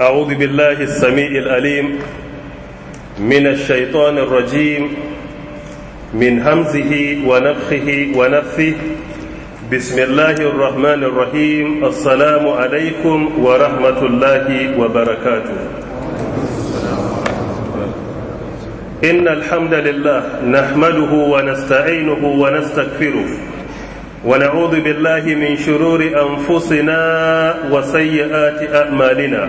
أعوذ بالله السميع الأليم من الشيطان الرجيم من همزه ونفخه ونفثه بسم الله الرحمن الرحيم السلام عليكم ورحمة الله وبركاته إن الحمد لله نحمده ونستعينه ونستكفره ونعوذ بالله من شرور أنفسنا وسيئات أعمالنا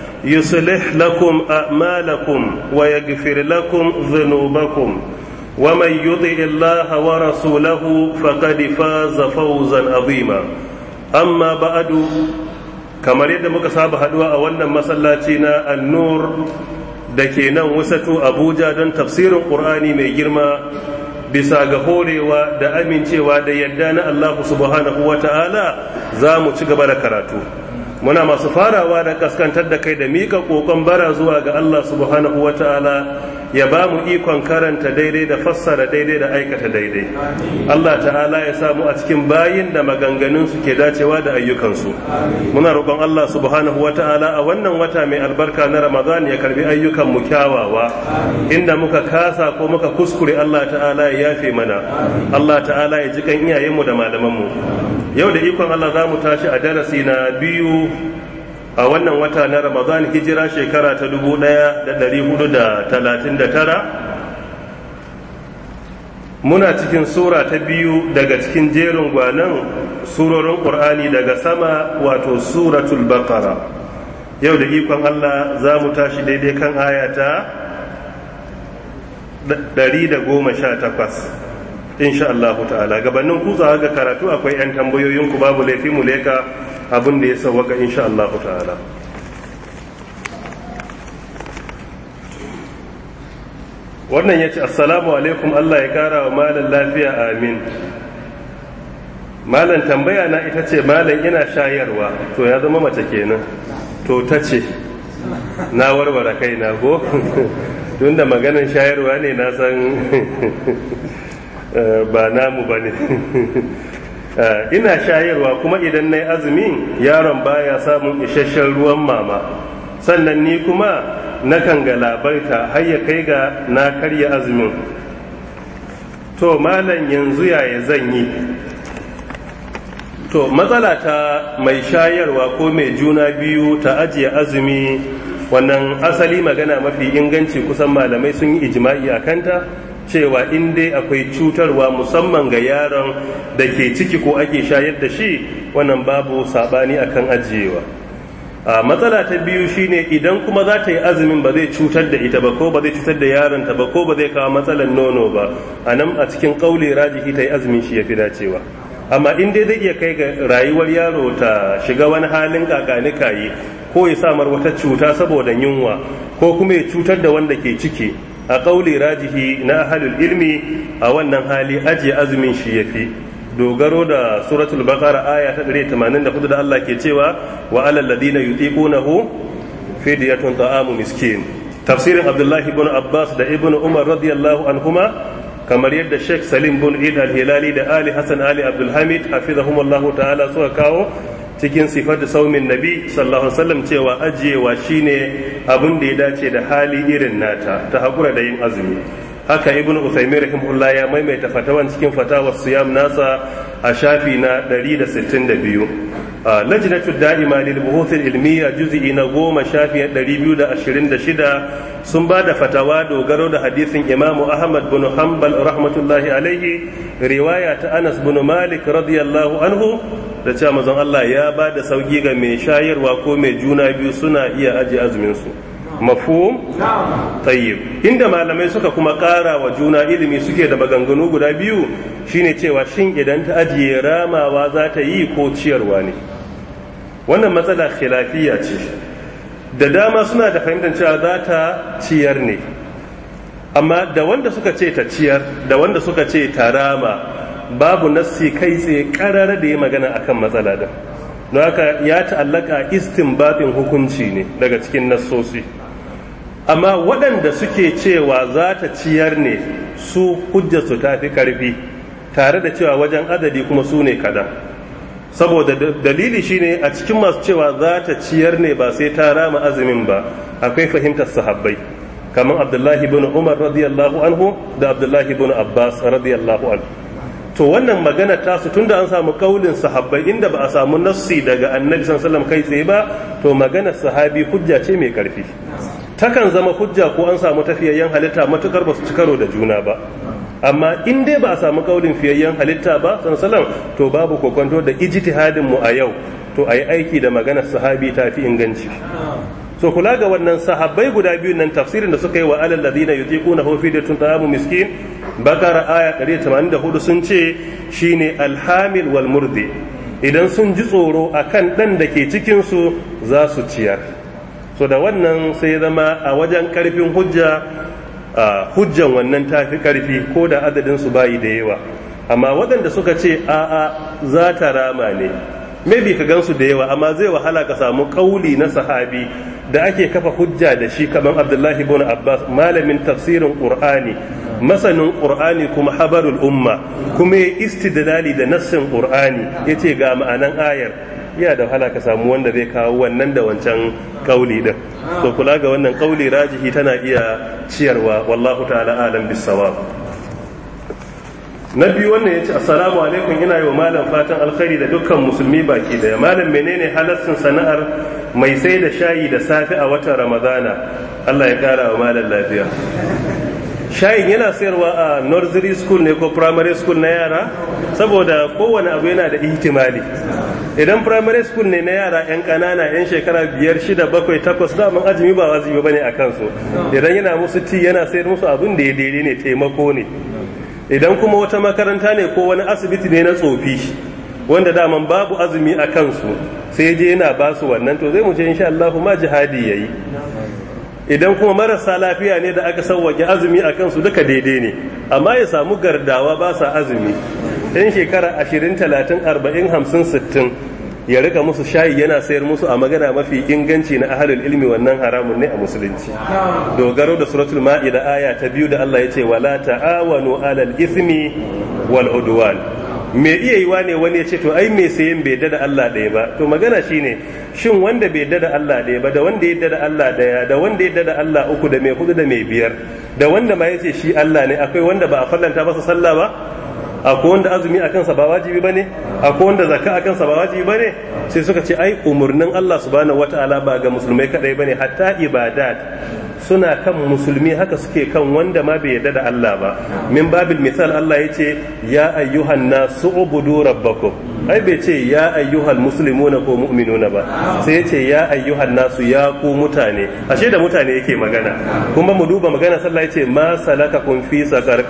يصلح لكم أعمالكم ويغفر لكم ذنوبكم ومن يطع الله ورسوله فقد فاز فوزا عظيما أما بعد كما يد مكساب هدوء أولا مسلاتنا النور دكينا وسط أبوجا دون تفسير القرآن من جرما bisa ga horewa da amincewa da yadda na Allah subhanahu wa ta'ala za mu ci gaba da karatu muna masu farawa da kaskantar da kai da mika kokon bara zuwa ga Allah subhanahu wata'ala ya ba mu ikon karanta daidai da fassara daidai da aikata daidai Allah ta'ala ya samu a cikin bayin da maganganun su ke dacewa da ayyukansu muna roƙon Allah subhanahu wata'ala a wannan wata mai albarka na Ramadan ya karbi ayyukan mu kyawawa inda muka kasa ko muka kuskure Allah ta'ala ya yafe mana Allah ta'ala ya ji kan iyayenmu da malamanmu yau da ikon Allah za mu tashi a darasi na biyu a wannan wata na ramadan hijira shekara ta 1439 muna cikin sura ta biyu daga cikin jerin gwanan surorin ƙur'ani daga sama wato suratul baqara yau da ikon Allah za mu tashi daidai kan ayata 118 insha Allah ta'ala gabanin kusa ga karatu akwai yan tambayoyin ku babu laifi mu leka abin da ya sawaka insha Allah ta'ala wannan yace assalamu alaikum Allah ya kara wa malam lafiya amin Malam tambaya na ita ce malam ina shayarwa to ya zama mace kenan to ta ce na warware kaina go tunda maganar shayarwa ne na san Eh, ba namu ba ne eh, ina shayarwa kuma idan na yi azumi yaron baya samun isasshen ruwan mama sannan ni kuma nakan labarta har ya kai ga na karya azumin to malam yanzu yaya zan yi to matsala ta mai shayarwa ko mai juna biyu ta ajiye azumi wannan asali magana mafi inganci kusan malamai sun yi ijima'i a kanta cewa in dai akwai cutarwa musamman ga yaron da ke ciki ko ake shayar da shi wannan babu sabani akan ajiyewa a matsala ta biyu shine idan kuma za ta yi azumin ba zai cutar da ita ba ko ba zai cutar da yaron ta ba ko ba zai kawo matsalar nono ba anan a cikin kauli rajihi ta yi azumin shi ya fi dacewa amma in dai zai iya kai ga rayuwar yaro ta shiga wani halin kakani kayi ko ya samar wata cuta saboda yunwa ko kuma ya cutar da wanda ke ciki a ƙauli rajihi na ahalul ilmi a wannan hali ajiye azumin shi ya fi dogaro da suratul baqara aya ta 184 da Allah ke cewa wa alal ladina yutiqunahu fidyatun ta'amu miskin tafsirin abdullahi ibn abbas da ibn umar radiyallahu anhuma kamar yadda sheikh salim bin al-hilali da ali hasan ali abdul hamid hafizahumullahu ta'ala suka kawo cikin sifatu saumin nabi sallallahu alaihi wasallam cewa ajiyewa shine abin da ya dace da hali irin nata ta hakura da yin azumi haka ibn usaimin rahimullah ya maimaita fatawan cikin fatawar siyam nasa a shafi na 162 lajnatu da'ima lil buhuth al ilmiya juz'i na 10 shafi 226 sun bada fatawa dogaro da hadisin imam ahmad bin hanbal rahmatullahi alaihi riwaya ta anas bin malik radiyallahu anhu da cewa manzon Allah ya ba da sauki ga mai shayarwa ko mai juna biyu suna iya aje azumin su Mafu tayyib inda malamai suka kuma ƙara wa juna ilimi suke da maganganu guda biyu shine cewa shin idan ta ajiye ramawa za ta yi ko ciyarwa ne wannan matsala khilafiya ce da dama suna da fahimtar cewa za ta ciyar ne amma da wanda suka ce ta ciyar da wanda suka ce ta rama babu nassi kai tsaye karara da ya magana akan matsala da don haka ya ta'allaka istin babin hukunci ne daga cikin nassosi amma waɗanda suke cewa za ta ciyar ne su hujjarsu ta fi ƙarfi tare da cewa wajen adadi kuma su ne kaɗan saboda dalili shine a cikin masu cewa za ta ciyar ne ba sai ta rama azumin ba akwai fahimtar sahabbai kamar abdullahi bin umar radiyallahu anhu da abdullahi bin abbas radiyallahu anhu to wannan magana tasu tunda an samu kaulin sahabbai inda ba a samu nassi daga annabi sallallahu alaihi wasallam kai tsaye ba to magana sahabi hujja ce mai karfi takan zama hujja ko an samu tafiyayyen halitta matukar ba su ci karo da juna ba amma in dai ba a samu kaulin fiyayyen halitta ba sansalan to babu kokonto da ijtihadin mu a yau to ayi aiki da maganar sahabi ta fi inganci so kula ga wannan sahabbai guda biyu nan tafsirin da suka yi wa alal ladina yutiquna hu datun ta'amu miskin bakara aya 184 sun ce shine alhamil wal murdi idan sun ji tsoro akan dan da ke cikin su za su ciyar so da wannan sai zama a wajen karfin hujja hujjan wannan ta fi karfi ko da adadin su bayi da yawa amma waɗanda suka ce a'a za ta rama ne maybe ka gansu da yawa amma zai wahala ka samu kauli na sahabi da ake kafa hujja da shi kamar abdullahi ibn abbas malamin tafsirin qur'ani masanin qur'ani kuma habarul umma kuma ya istidlali da nassin qur'ani yace ga ma'anan ayar iya da wahala ka samu wanda zai kawo wannan da wancan kauli din to kula ga wannan kauli rajihi tana iya ciyarwa wallahu ta'ala alam bisawab na biyu wannan yace assalamu alaikum ina yi wa malam fatan alkhairi da dukkan musulmi baki daya malam menene halassin sana'ar mai sai da shayi da safe a watan ramadana Allah ya kara wa malam lafiya shayin yana sayarwa a nursery school ne ko primary school na yara saboda kowane abu yana da ihtimali idan primary school ne na yara 'yan kanana 'yan shekara biyar shida bakwai takwas daman azumi ba wazi ba ne a kansu idan yana musu ti yana sayar musu abin da ya daidai ne taimako ne idan kuma wata makaranta ne ko wani asibiti ne na tsofi wanda daman babu azumi a kansu sai je yana ba su wannan to zai mu je insha Allah ma jihadi yayi idan kuma marasa lafiya ne da aka sauwake azumi a kansu duka daidai ne amma ya samu gardawa ba sa azumi yan shekara ashirin talatin arba'in hamsin sittin ya rika musu shayi yana sayar musu a magana mafi inganci na ahalul ilmi wannan haramun ne a musulunci dogaro da suratul ma'ida aya ta biyu da Allah ya ce wala ta'awanu alal ismi wal udwan mai iya yi ne wani ya ce to ai me sayan bai dada Allah ɗaya ba to magana shine shin wanda bai dada Allah ɗaya ba da wanda ya dada Allah ɗaya da wanda ya dada Allah uku da mai hudu da mai biyar da wanda ma ya ce shi Allah ne akwai wanda ba a fallanta masa sallah ba akwai wanda azumi a kansa ba wajibi ba ne akwai wanda zaka a kansa ba wajibi ba ne sai suka ce ai umurnin Allah subhanahu wataala ba ga musulmai kadai ba ne hatta ibadat suna kan musulmi haka suke kan wanda ma bai yarda da Allah ba min babil misal Allah ya ce ya ayyuhan nasu ubudu rabbakum ai bai ce ya ayyuhal muslimuna ko mu'minuna ba sai ya ce ya ayyuhan nasu ya ku mutane ashe da mutane yake magana kuma mu duba magana sallah ya ce ma kun fi sakar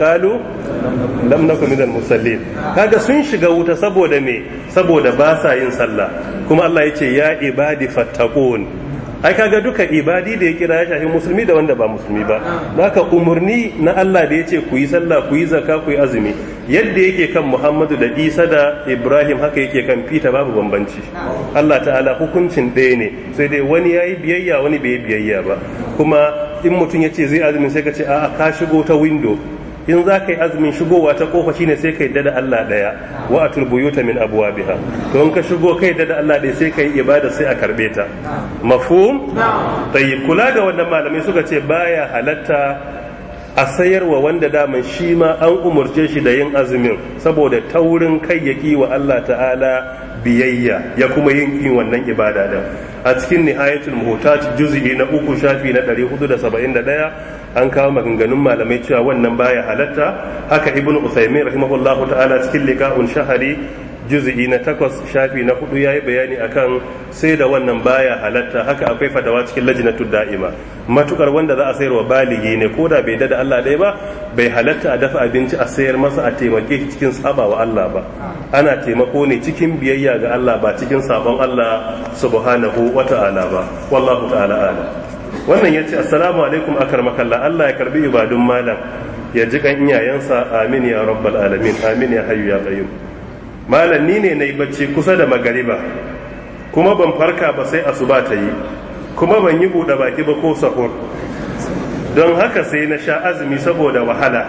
lam nakum al musallin kaga sun shiga wuta saboda me saboda ba sa yin sallah kuma Allah ya ce ya ibadi fattaqun ai kaga duka ibadi da ya kira ya shafi musulmi da wanda ba musulmi ba aka umarni na Allah da ya ce ku yi sallah ku yi zakka ku yi azumi yadda yake kan Muhammadu da Isa da Ibrahim haka yake kan Peter babu bambanci Allah ta'ala hukuncin ɗaya ne sai dai wani yayi biyayya wani bai biyayya ba kuma in mutum ya ce zai azumin sai ka ce a'a ka shigo ta window in za ka yi azumin shigowa ta kofa shine sai ka yadda da Allah daya wa atul buyuta min abwabiha to in ka shigo ka yadda da Allah daya sai ka yi ibada sai a karbe ta mafhum tayyib kula ga wannan malamai suka ce baya halatta a sayarwa wanda daman shi ma an umarce shi da yin azumin saboda taurin kai yaki wa Allah ta'ala biyayya ya kuma yin yin wannan ibada da a cikin nihayatul muhtaj juz'i na uku shafi na 471 an kawo maganganun malamai cewa wannan baya halatta haka ibnu usaimin rahimahullahu ta'ala cikin liqa'un shahari juz'i na takwas shafi na hudu yayi bayani akan sai da wannan baya halatta haka akwai fadawa cikin lajnatud da'ima matukar wanda za a sayar wa baligi ne ko da bai dada Allah dai ba bai halatta a dafa abinci a sayar masa a taimake shi cikin saba wa Allah ba ana taimako ne cikin biyayya ga Allah ba cikin sabon Allah subhanahu wata'ala ba wallahu ta'ala a'lam wannan ya ce assalamu alaikum akar Allah ya karbi ibadun malam ya ji kan iyayensa amin ya rabbal alamin amin ya hayyu ya bayu malam ni ne na yi bacci kusa da magariba kuma ban farka ba sai asuba ta yi kuma ban yi buɗe baki ba ko sahur don haka sai na sha azumi saboda wahala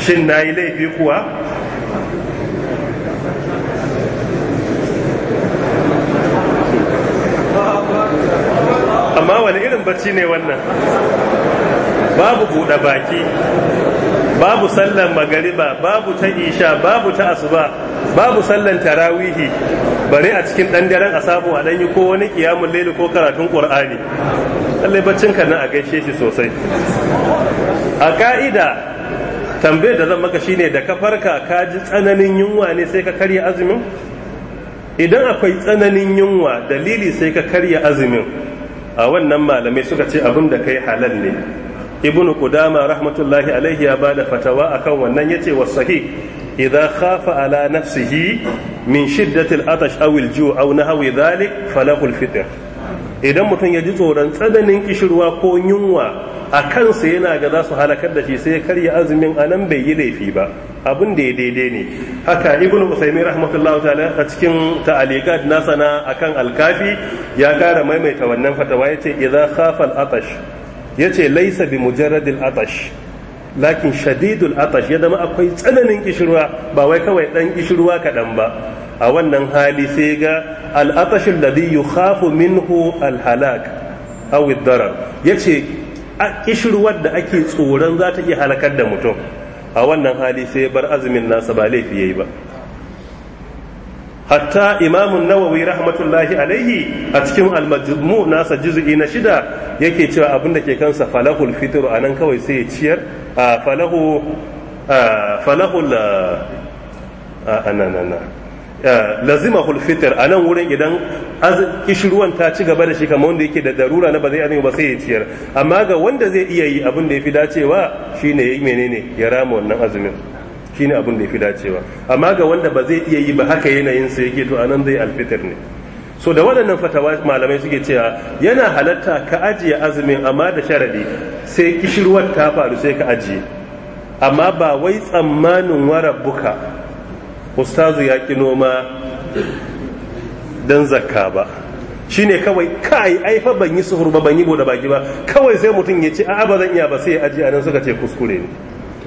shin na yi laifi kuwa amma wani irin bacci ne wannan babu buɗe baki babu sallan magariba babu ta isha babu ta asuba babu sallan tarawihi bare a cikin ɗan daren a samu a ɗanyi ko wani ƙiyamun leli ko karatun ƙur'ani lallai baccin ka nan a gaishe shi sosai a ka'ida tambayar da zan maka shine da ka farka ka ji tsananin yunwa ne sai ka karya azumin idan akwai tsananin yunwa dalili sai ka karya azumin a wannan malamai suka ce abin da kai halal ne ibnu qudama rahmatullahi alaihi ya bada fatawa akan wannan yace wasahi idza khafa ala nafsihi min shiddatil atash aw al-ju' aw nahwi dhalik falahu al-fitr idan mutum ya ji tsoron tsananin kishirwa ko yunwa a kansa yana ga za su halakar da shi sai ya karya azumin anan bai yi laifi ba abin da ya daidai ne haka ibn usaimin rahmatullahi ta'ala a cikin ta'alikat nasa na akan alkafi ya kara maimaita wannan fatawa yace idza khafa al-atash yace laysa bi mujarrad al-atash lakin shadidul atash ya zama akwai tsananin kishirwa ba wai kawai dan kishirwa kaɗan ba a wannan hali sai ga al-atash alladhi yukhafu minhu al-halak aw ad-darar yace kishirwar da ake tsoron za ta iya halakar da mutum a wannan hali sai bar azumin nasa ba laifi yayi ba hatta imamun nawawi rahmatullahi alaihi a cikin almajmu nasa juz'i na shida yake cewa abin da ke kansa falahul fitr anan kawai sai ya ciyar falahu falahul Eh, Lazima fitr a nan wurin idan kishirwan ta ci gaba da shi kamar wanda yake da darura na ba zai azumi ba sai ya ciyar amma ga wanda zai iya yi abin da ya fi dacewa shine ya yi menene ya rama wannan azumin shine abin da ya fi dacewa amma ga wanda ba zai iya yi ba haka yanayin sa yake to anan zai alfitar ne so da waɗannan fatawa malamai suke cewa yana halatta ka ajiye azumin amma da sharadi sai kishirwar ta faru sai ka ajiye amma ba wai tsammanin warabbuka ustazu ya ki noma Dan zakka ba shi ne kawai kai ai fa ban yi suhur ba ban yi bude baki ba kawai sai mutum ya ce a'a ba zan iya ba sai ya aji anan suka ce kuskure ne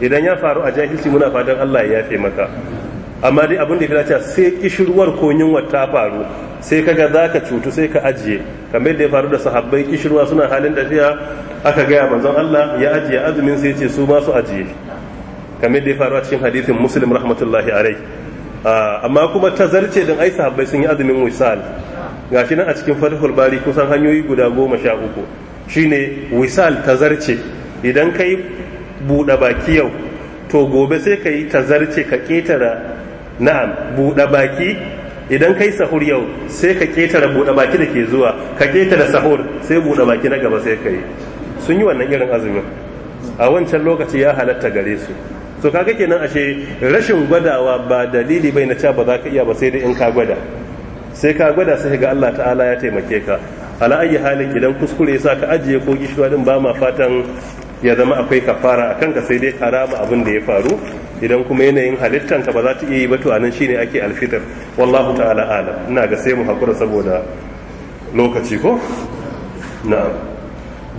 idan ya faru a jahilci muna fatan Allah ya yafe maka amma dai abin da ya dace sai kishirwar ko yunwa ta faru sai kaga zaka cutu sai ka ajiye kamar da ya faru da sahabbai kishirwa suna halin tafiya aka gaya manzon Allah ya ajiye azumin sai ya ce su ma su ajiye kamar da ya faru a cikin hadisin Muslim rahmatullahi alaihi Ah, amma kuma ta zarce din ai sahabbai sun yi azumin wisal gashi nan a cikin fatihul bari kusan hanyoyi guda goma sha uku shine wisal ta zarce idan kai buɗe baki yau to gobe sai kai ta zarce ka ƙetara na'am buɗe baki idan kai sahur yau sai ka ƙetara buɗe baki da ke zuwa ka ƙetara sahur sai buɗe baki na gaba sai ka yi sun yi wannan irin azumin a wancan lokaci ya halatta gare su so kaga kenan ashe rashin gwadawa ba dalili bai na cewa ba za ka iya ba sai dai in ka gwada sai ka gwada sai ga Allah ta'ala ya taimake ka ala ayi halin idan kuskure ya sa ka ajiye ko gishuwa din ba ma fatan ya zama akwai kafara a kanka sai dai karama abin da ya faru idan kuma yanayin halittanka ba za ta iya yi ba to anan shine ake alfitar wallahu ta'ala alam ina ga sai mu hakura saboda lokaci ko na'am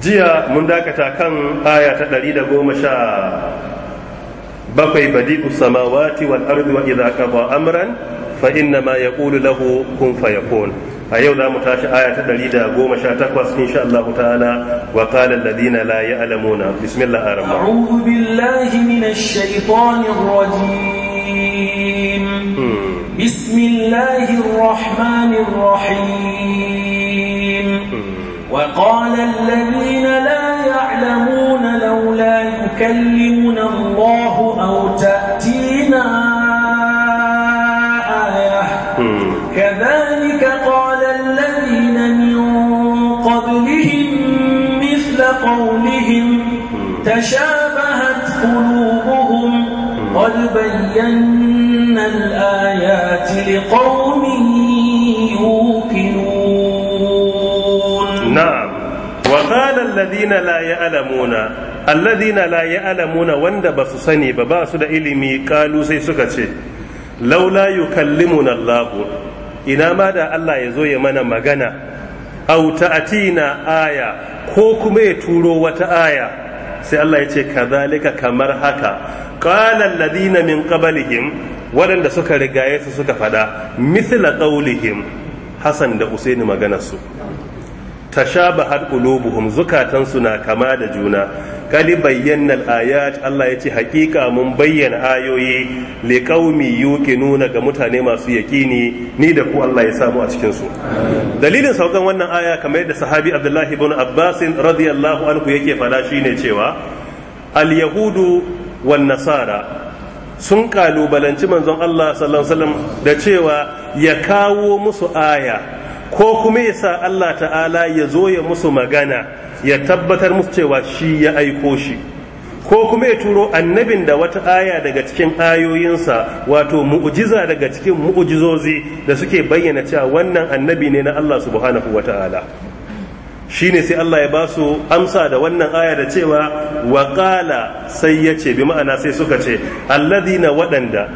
jiya mun dakata kan aya ta 110 bakwai badi'u samawati wal ardi wa idza qada amran fa inna ma yaqulu lahu kun fayakun a yau za mu tashi aya ta 118 insha Allah ta'ala wa qala alladhina la ya'lamuna bismillah ar-rahman a'udhu billahi minash shaitanir rajim bismillahir rahmanir rahim وقال الذين لا يعلمون لولا يكلمنا الله أو تأتينا آية كذلك قال الذين من قبلهم مثل قولهم تشابهت قلوبهم قد بينا الآيات لقومهم alladhina la ya'lamuna alladhina la ya'lamuna wanda basu sani ba basu da ilimi kalu sai suka ce laula yukallimuna Allah ina ma da Allah ya zo ya mana magana aw ta'tina aya ko kuma ya turo wata aya sai Allah ya ce kadhalika kamar haka qala alladhina min qablihim waɗanda suka rigaye su suka faɗa mithla qawlihim Hassan da Usaini maganar su tashabahat qulubuhum zukatansu na kama da juna kali bayyana al-ayat Allah yace hakika mun bayyana ayoyi liƙaumi qaumi nuna ga mutane masu yaqini ni da ku Allah ya samu a cikinsu. dalilin saukan wannan aya kamar yadda sahabi Abdullahi ibn Abbas radiyallahu anhu yake fada shine cewa al-yahudu wan nasara sun kalubalanci manzon Allah sallallahu alaihi wasallam da cewa ya kawo musu aya ko kuma ya sa Allah ta'ala ya zo ya musu magana ya tabbatar musu cewa shi ya aiko shi ko kuma ya turo annabin da wata aya daga cikin ayoyinsa wato mu'ujiza daga cikin mu'jizozi da suke bayyana cewa wannan annabi ne na Allah subhanahu wa ta'ala Shi ne sai Allah ya ba su amsa da wannan aya da cewa waƙala sai ya ce bi ma'ana sai suka ce alladina waɗanda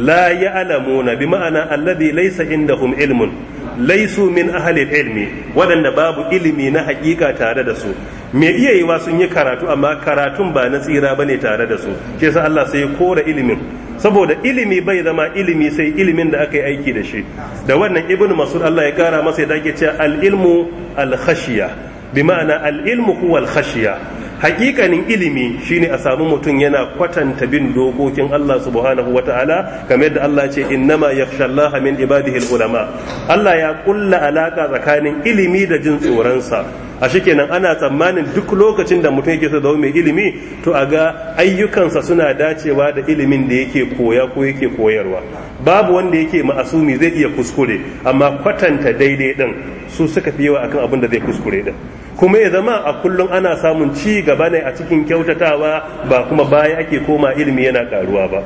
la na bi ma'ana laisa inda indahum ilmun laisu min ahalil ilmi waɗanda babu ilimi na hakika tare da su me iya yiwa sun yi karatu amma karatun ba na tsira bane tare da su ke sa Allah sai ya kora ilimin saboda ilimi bai zama ilimi sai ilimin da aka yi aiki da shi da wannan ibnu mas'ud Allah ya kara masa ya dake cewa al ilmu al khashiya bi ma'ana al ilmu huwa al khashiya hakikanin ilimi shine a samu mutum yana kwatanta bin dokokin Allah subhanahu wata'ala kamar yadda Allah ce innama yakhshallaha min ibadihi ulama Allah ya kulla alaka tsakanin ilimi da jin tsoron sa a shikenan ana tsammanin duk lokacin da mutum yake so zama mai ilimi to a ga ayyukansa suna dacewa da ilimin da yake koya ko yake koyarwa babu wanda yake ma'asumi zai iya kuskure amma kwatanta daidai din su suka fi yawa akan abin da zai kuskure din kuma ya zama a kullum ana samun ci gaba ne a cikin kyautatawa ba kuma baya ake koma ilimi yana karuwa ba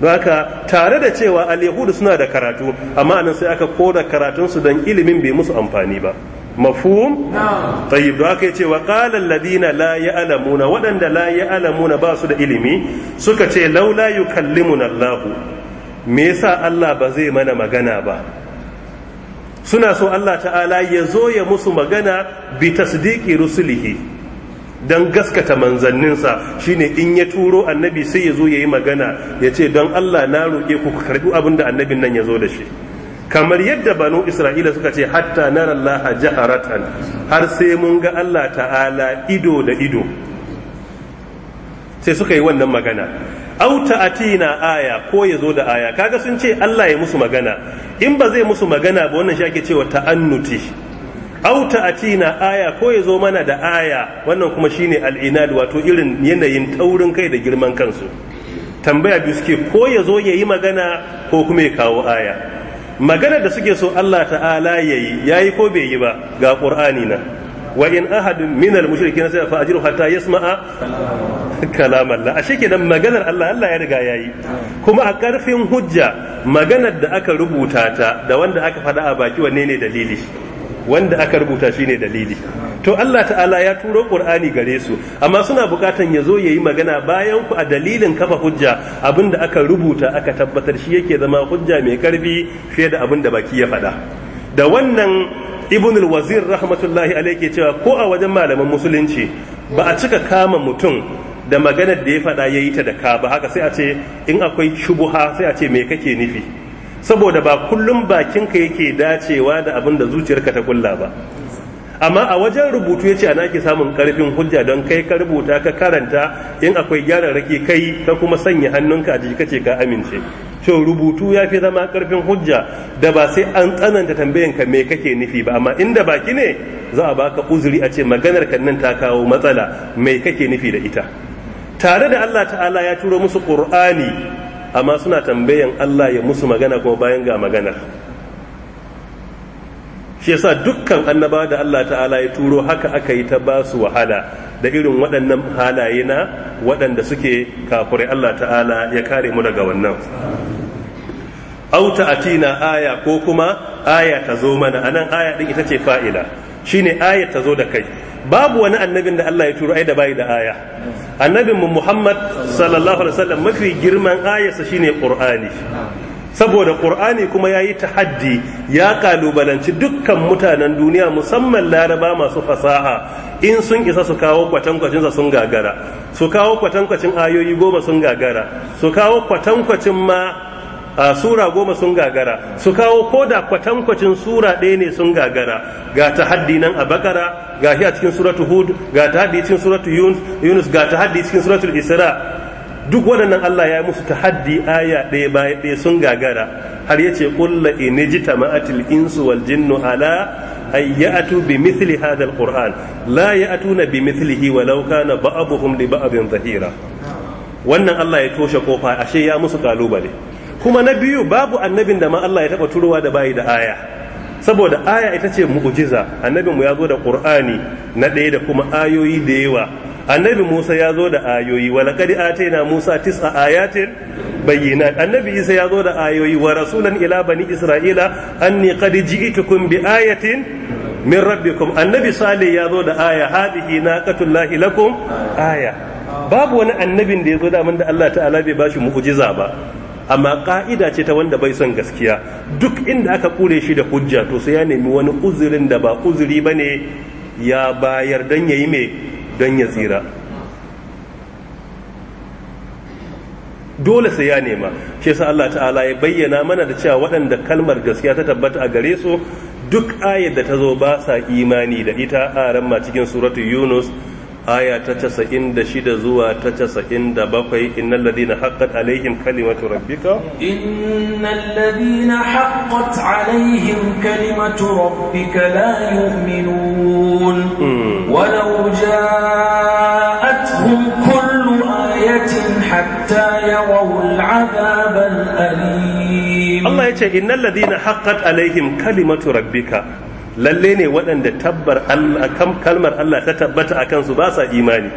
don haka tare da cewa al suna da karatu amma anan sai aka koda karatunsu don ilimin bai musu amfani ba mafhum tayyib don haka ce wa qala alladhina la ya'lamuna waɗanda la ya'lamuna ba su da ilimi suka ce laula yukallimuna Allah me yasa Allah ba zai mana magana ba suna so Allah ta'ala ya zo ya musu magana bi tasdiqi rusulihi don gaskata manzanninsa shine in ya turo annabi sai ya zo ya yi magana ya ce don Allah na roƙe ku karɓi abin da annabin nan ya zo da shi kamar yadda banu isra'ila suka ce hatta nara Allah jaharatan har sai mun ga Allah ta'ala ido da ido sai suka yi wannan magana auta atina aya ko ya zo da aya kaga sun ce Allah ya musu magana in ba zai musu magana ba wannan shi ake cewa ta'annuti auta atina aya ko ya zo mana da aya wannan kuma shine al'inad wato irin yanayin taurin kai da girman kansu tambaya biyu suke ko ya zo ya yi magana ko kuma ya kawo aya magana da suke so Allah ta'ala yayi yayi ko bai yi ba ga ƙur'ani na wa in ahadun min al mushrikin sai fa ajru hatta yasma'a kalam Allah ashe kenan maganar Allah Allah ya riga yayi kuma a karfin hujja maganar da aka rubuta ta da wanda aka faɗa a baki wanne ne dalili wanda aka rubuta shi ne dalili to Allah ta'ala ya turo qur'ani gare su amma suna bukatan ya zo ya yi magana bayan ku a dalilin kafa hujja abinda aka rubuta aka tabbatar shi yake zama hujja mai karfi fiye da abinda baki ya faɗa da wannan ibn al-wazir rahmatullahi alayhi cewa ko a wajen malaman musulunci ba a cika kama mutum da maganar da ya faɗa ya yi ta da ka ba haka sai a ce in akwai shubuha sai a ce me kake nufi saboda ba kullum bakinka yake dacewa da abin da zuciyarka ta kulla ba amma a wajen rubutu ya ce ana ke samun karfin hujja don kai ka rubuta ka karanta in akwai gyararraki kai ka kuma sanya hannunka a jiki kace ka amince to rubutu ya fi zama karfin hujja da ba sai an tsananta tambayan ka me kake nufi ba amma inda baki ne za a baka uzuri a ce maganar kan nan ta kawo matsala me kake nufi da ita tare da Allah ta'ala ya turo musu qur'ani amma suna tambayan Allah ya musu magana kuma bayan ga maganar shi yasa dukkan annaba da Allah ta'ala ya turo haka aka yi ta basu wahala da irin waɗannan halaye na waɗanda suke kafure Allah ta'ala ya kare mu daga wannan auta atina aya ko kuma aya ta zo mana anan aya din ita ce fa'ila shine aya ta zo da kai babu wani annabin da Allah ya turo ai da bai da aya annabin mu Muhammad sallallahu alaihi wasallam mafi girman ayarsa shine Qur'ani saboda Qur'ani kuma yayi tahaddi ya kalubalanci dukkan mutanen duniya musamman Laraba masu fasaha in sun isa su kawo kwatankwacin sa sun gagara su kawo kwatankwacin ayoyi goma sun gagara su kawo kwatankwacin ma A sura goma sun gagara su kawo ko da kwatankwacin sura ɗaya ne sun gagara ga ta haddi nan a bakara ga shi a cikin suratu hud ga ta haddi cikin suratu yunus ga ta haddi cikin suratu isra duk waɗannan Allah ya musu tahaddi aya ɗaya baya, ɗaya sun gagara har ya ce ƙulla ini ji tama'atil insu wal jinnu ala ay ya'tu bi mithli hadha qur'an la ya'tuna bi mithlihi walau kana ba'dhum li ba'dhin zahira wannan Allah ya toshe kofa ashe ya musu kalubale kuma na biyu babu annabin da ma Allah ya taba turowa da bayi da aya saboda aya ita ce mu'jiza annabin mu ya zo da qur'ani na ɗaya da kuma ayoyi da yawa annabi Musa ya zo da ayoyi wa laqad ataina Musa tis'a ayatin bayyinat annabi Isa ya zo da ayoyi wa rasulan ila bani Isra'ila anni qad ji'tukum bi ayatin min rabbikum annabi Salih ya zo da aya hadihi naqatullahi lakum aya babu wani annabin da ya zo da da Allah ta'ala bai bashi mu'jiza ba amma ka'ida ce ta wanda bai son gaskiya duk inda aka kure shi da hujja to sai ya nemi wani uzurin da ba uzuri ba ne ya bayar don ya yi mai don ya tsira dole sai ya nema shi yasa Allah ta'ala ya bayyana mana da cewa waɗanda kalmar gaskiya ta tabbata a gare su duk ayar da ta zo ba sa imani da ita a ramma cikin suratu yunus aya ta casa'in da shida zuwa ta casa'in da bakwai innan ladina haƙƙat alaihim kalimatu rabbika innan ladina haƙat alaihim kalimatu rabbika la yu'minun hmm. walau ja'atuhum kullu ayatin hatta yawul azabal alim Allah ya ce innan ladina haƙat alaihim kalimatu rabbika lalle ne waɗanda tabbar kalmar Allah ta tabbata a kansu ba sa imani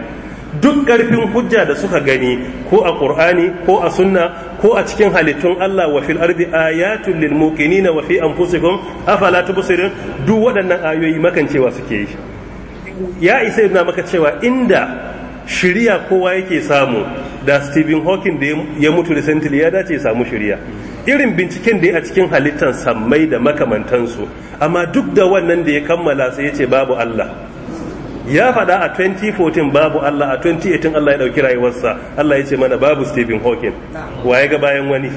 duk ƙarfin hujja da suka gani ko a ƙur'ani ko a sunna ko a cikin halittun Allah wa fil ardi ayatul lil muqinina wa fi anfusikum afala tubsirun duk waɗannan ayoyi makancewa suke yi ya isa na maka cewa inda shiriya kowa yake samu da Stephen Hawking da ya mutu recently ya dace ya samu shiriya irin binciken da ya a cikin halittar sammai da makamantansu amma duk da wannan da ya kammala sai ya ce babu Allah ya faɗa a 2014 babu Allah a 2018 Allah ya ɗauki rayuwarsa Allah ya ce mana babu Stephen Hawking ya ga bayan wani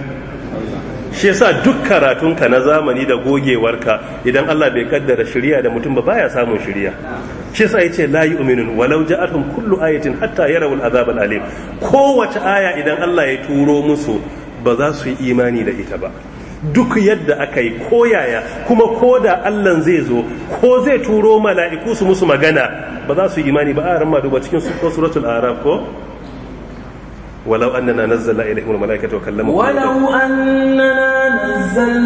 shi yasa duk karatunka na zamani da gogewarka idan Allah bai kaddara shiriya da mutum ba baya samun shiriya shi yasa yace la yu'minun walau ja'atuhum kullu ayatin hatta yarawul azabal alim kowace aya idan Allah ya turo musu ba za su yi imani da ita ba duk yadda aka yi koyaya kuma ko da allan zai zo ko zai turo mala'iku su musu magana ba za su yi imani ba a ramma duba cikin suratul araf ko ولو أننا نزلنا إليهم الملائكة وكلمهم ولو أننا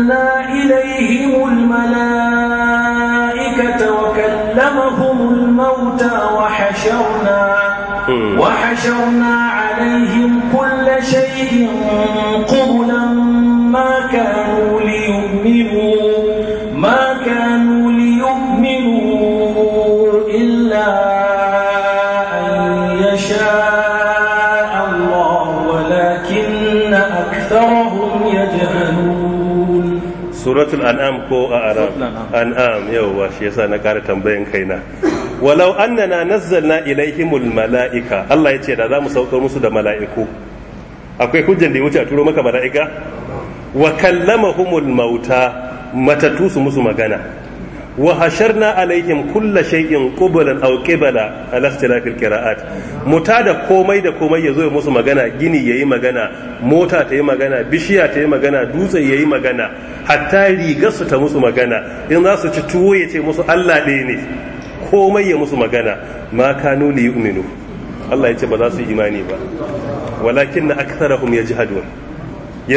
wa إليهم الملائكة وكلمهم الموتى wa وحشرنا Suratul An'am ko a Aram? An'am yau ba yasa na kare tambayin kaina. Walau annana nazzalna ilaihimul mala'ika Allah ya ce da za mu sauƙar musu da mala'iku akwai hujjan da ya wuce a turo maka mala'ika wa kallamahumul mauta matatu su musu magana wa hasharna alaihim kulla shay'in qublan aw qibala ala ikhtilafil qira'at muta da komai da komai yazo ya musu magana gini yayi magana mota ta yi magana bishiya ta yi magana dutse yayi magana hatta rigar su ta musu magana in za su ci tuwo ya ce musu Allah ɗaya ne komai ya musu magana ma kanu li yu'minu Allah ya ce ba za su imani ba walakin na aksarahum ya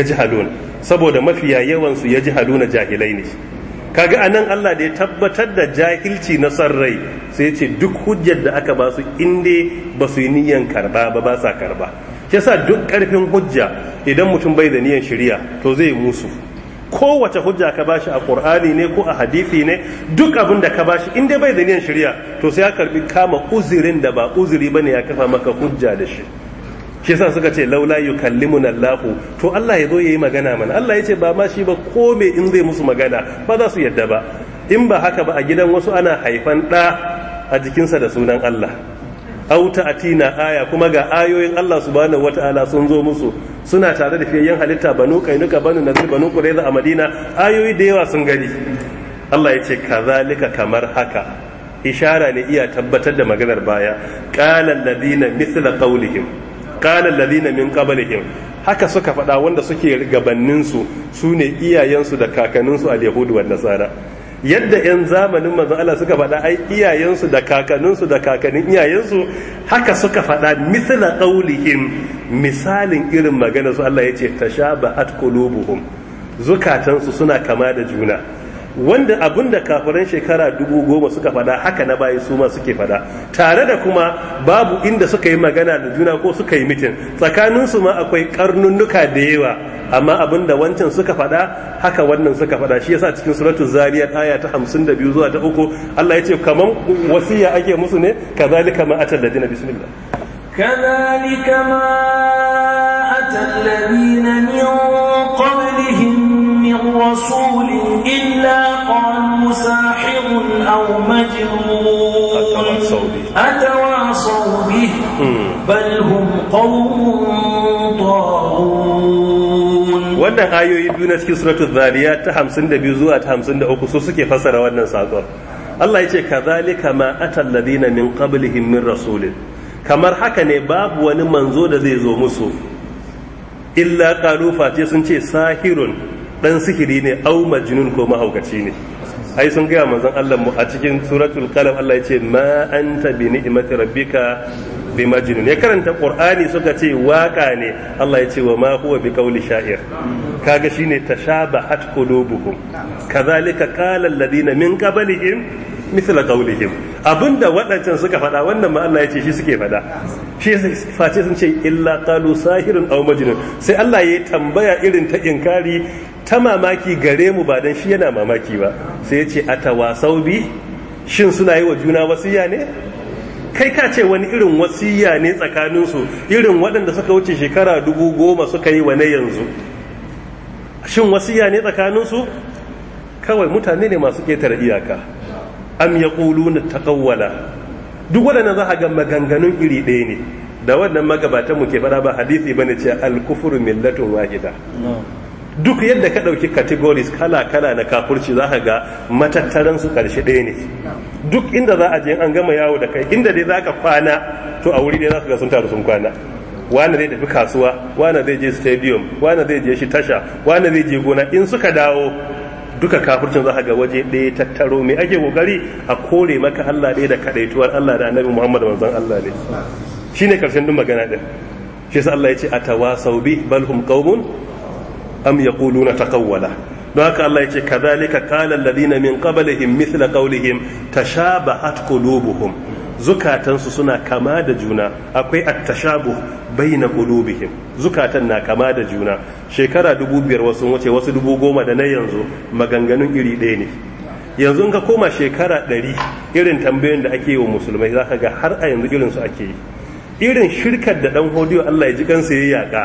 jihadun saboda mafiya yawansu ya jihaduna jahilai ne kaga anan Allah da ya tabbatar da jahilci na son rai sai ya ce duk hujjar da aka ba su inda ba su yi niyan karba ba ba sa karba yasa duk karfin hujja idan mutum bai da niyan shari'a to zai musu kowace hujja ka bashi a qur'ani ne ko a hadisi ne duk abin da ka bashi in dai bai da niyan shari'a to sai ya karbi kama uzirin da ba uziri ba ne ya kafa maka hujja da shi shi sa suka ce laula yukallimuna Allah to Allah ya zo yayi magana mana Allah ya ce ba ma shi ba ko me in zai musu magana ba za su yadda ba in ba haka ba a gidan wasu ana haifan da a jikinsa da sunan Allah au ta'atina aya kuma ga ayoyin Allah subhanahu wata'ala sun zo musu suna tare da fiyayyen halitta banu kainuka banu nazir banu qurayza a Madina ayoyi da yawa sun gani Allah ya ce kazalika kamar haka ishara ne iya tabbatar da maganar baya qala alladhina mithla qawlihim qala alladhina min qablihim haka suka faɗa wanda suke gabanin su sune iyayensu da kakanninsu su yahudu wa nasara yadda 'yan zamanin manzon Allah suka faɗa ai iyayensu da su da kakanin iyayensu haka suka faɗa misla qaulihim misalin irin magana su Allah ya ce ta yace at qulubuhum zukatansu suna kama da juna wanda abun da kafiran shekara dubu goma suka fada haka na bayi su ma suke fada tare da kuma babu inda suka yi magana da juna ko suka yi mitin tsakaninsu ma akwai karnunnuka da yawa amma abin da wancan suka fada haka wannan suka fada shi yasa cikin suratul zariyat aya ta 52 zuwa ta 3 Allah ya ce kaman wasiya ake musu ne kazalika ma atal ladina bismillah kazalika ma atal ladina min qablihim min رسول إلا قالوا ساحر أو مجنون أتواصوا به بل هم قوم طاغون wannan ayoyi biyu na cikin suratul zariyat ta 52 zuwa ta 53 su suke fassara wannan sakon Allah ya ce kadhalika ma atal ladina min qablihim min rasulin kamar haka ne babu wani manzo da zai zo musu illa qalu face sun ce sahirun dan sihiri ne au majnun ko mahaukaci ne ai sun gaya manzon Allah mu a cikin suratul qalam Allah ya ce ma anta bi ni'mati rabbika bi majnun ya karanta qur'ani suka ce waka ne Allah ya ce wa ma huwa bi qawli sha'ir kaga shine tashabahat qulubukum kadhalika qala alladhina min qablihim mithla qaulihim abinda waɗancan suka faɗa wannan ma Allah ya shi suke faɗa shi face sun ce illa qalu sahirun aw majnun sai Allah ya tambaya irin ta inkari ta mamaki gare mu ba dan shi yana mamaki ba sai ya ce atawasau bi shin suna yi wa juna wasiya ne kai ka ce wani irin wasiya ne tsakaninsu irin waɗanda suka wuce shekara dubu goma suka yi wa na yanzu shin wasiya ne tsakaninsu kawai mutane ne masu ƙetare iyaka am ya ta taqawwala duk waɗannan za a ga maganganun iri ɗaya ne da wannan magabatan mu ke faɗa ba hadisi bane ce al-kufru millatun wahida duk yadda ka ɗauki categories kala-kala na kafurci za ka ga matattaran su ƙarshe ɗaya ne duk inda za a je an gama yawo da kai inda dai za ka kwana to a wuri dai za ka ga sun taru sun kwana wani zai tafi kasuwa wani zai je stadium wani zai je shi tasha wani zai je gona in suka dawo duka kafircin za ga waje ɗaya tattaro mai ake kokari a kore maka Allah ɗaya da kaɗaituwar Allah da annabi Muhammad manzon Allah ne shine karshen din magana da shi sa Allah ya ce atawasau bi bal hum qaumun am yaquluna taqawwala don haka Allah ya ce kadhalika qala alladhina min qablihim mithla qawlihim tashabahat qulubuhum zukatansu suna kama da juna akwai attashabu baina qulubihim zukatan na kama da juna shekara dubu biyar wasu wuce wasu dubu goma da na yanzu maganganun iri ɗaya ne yanzu ka koma shekara ɗari irin tambayoyin da ake yi wa musulmai za ka ga har a yanzu irin su ake yi irin shirkar da ɗan hodiyo Allah ya ji kansa ya yaka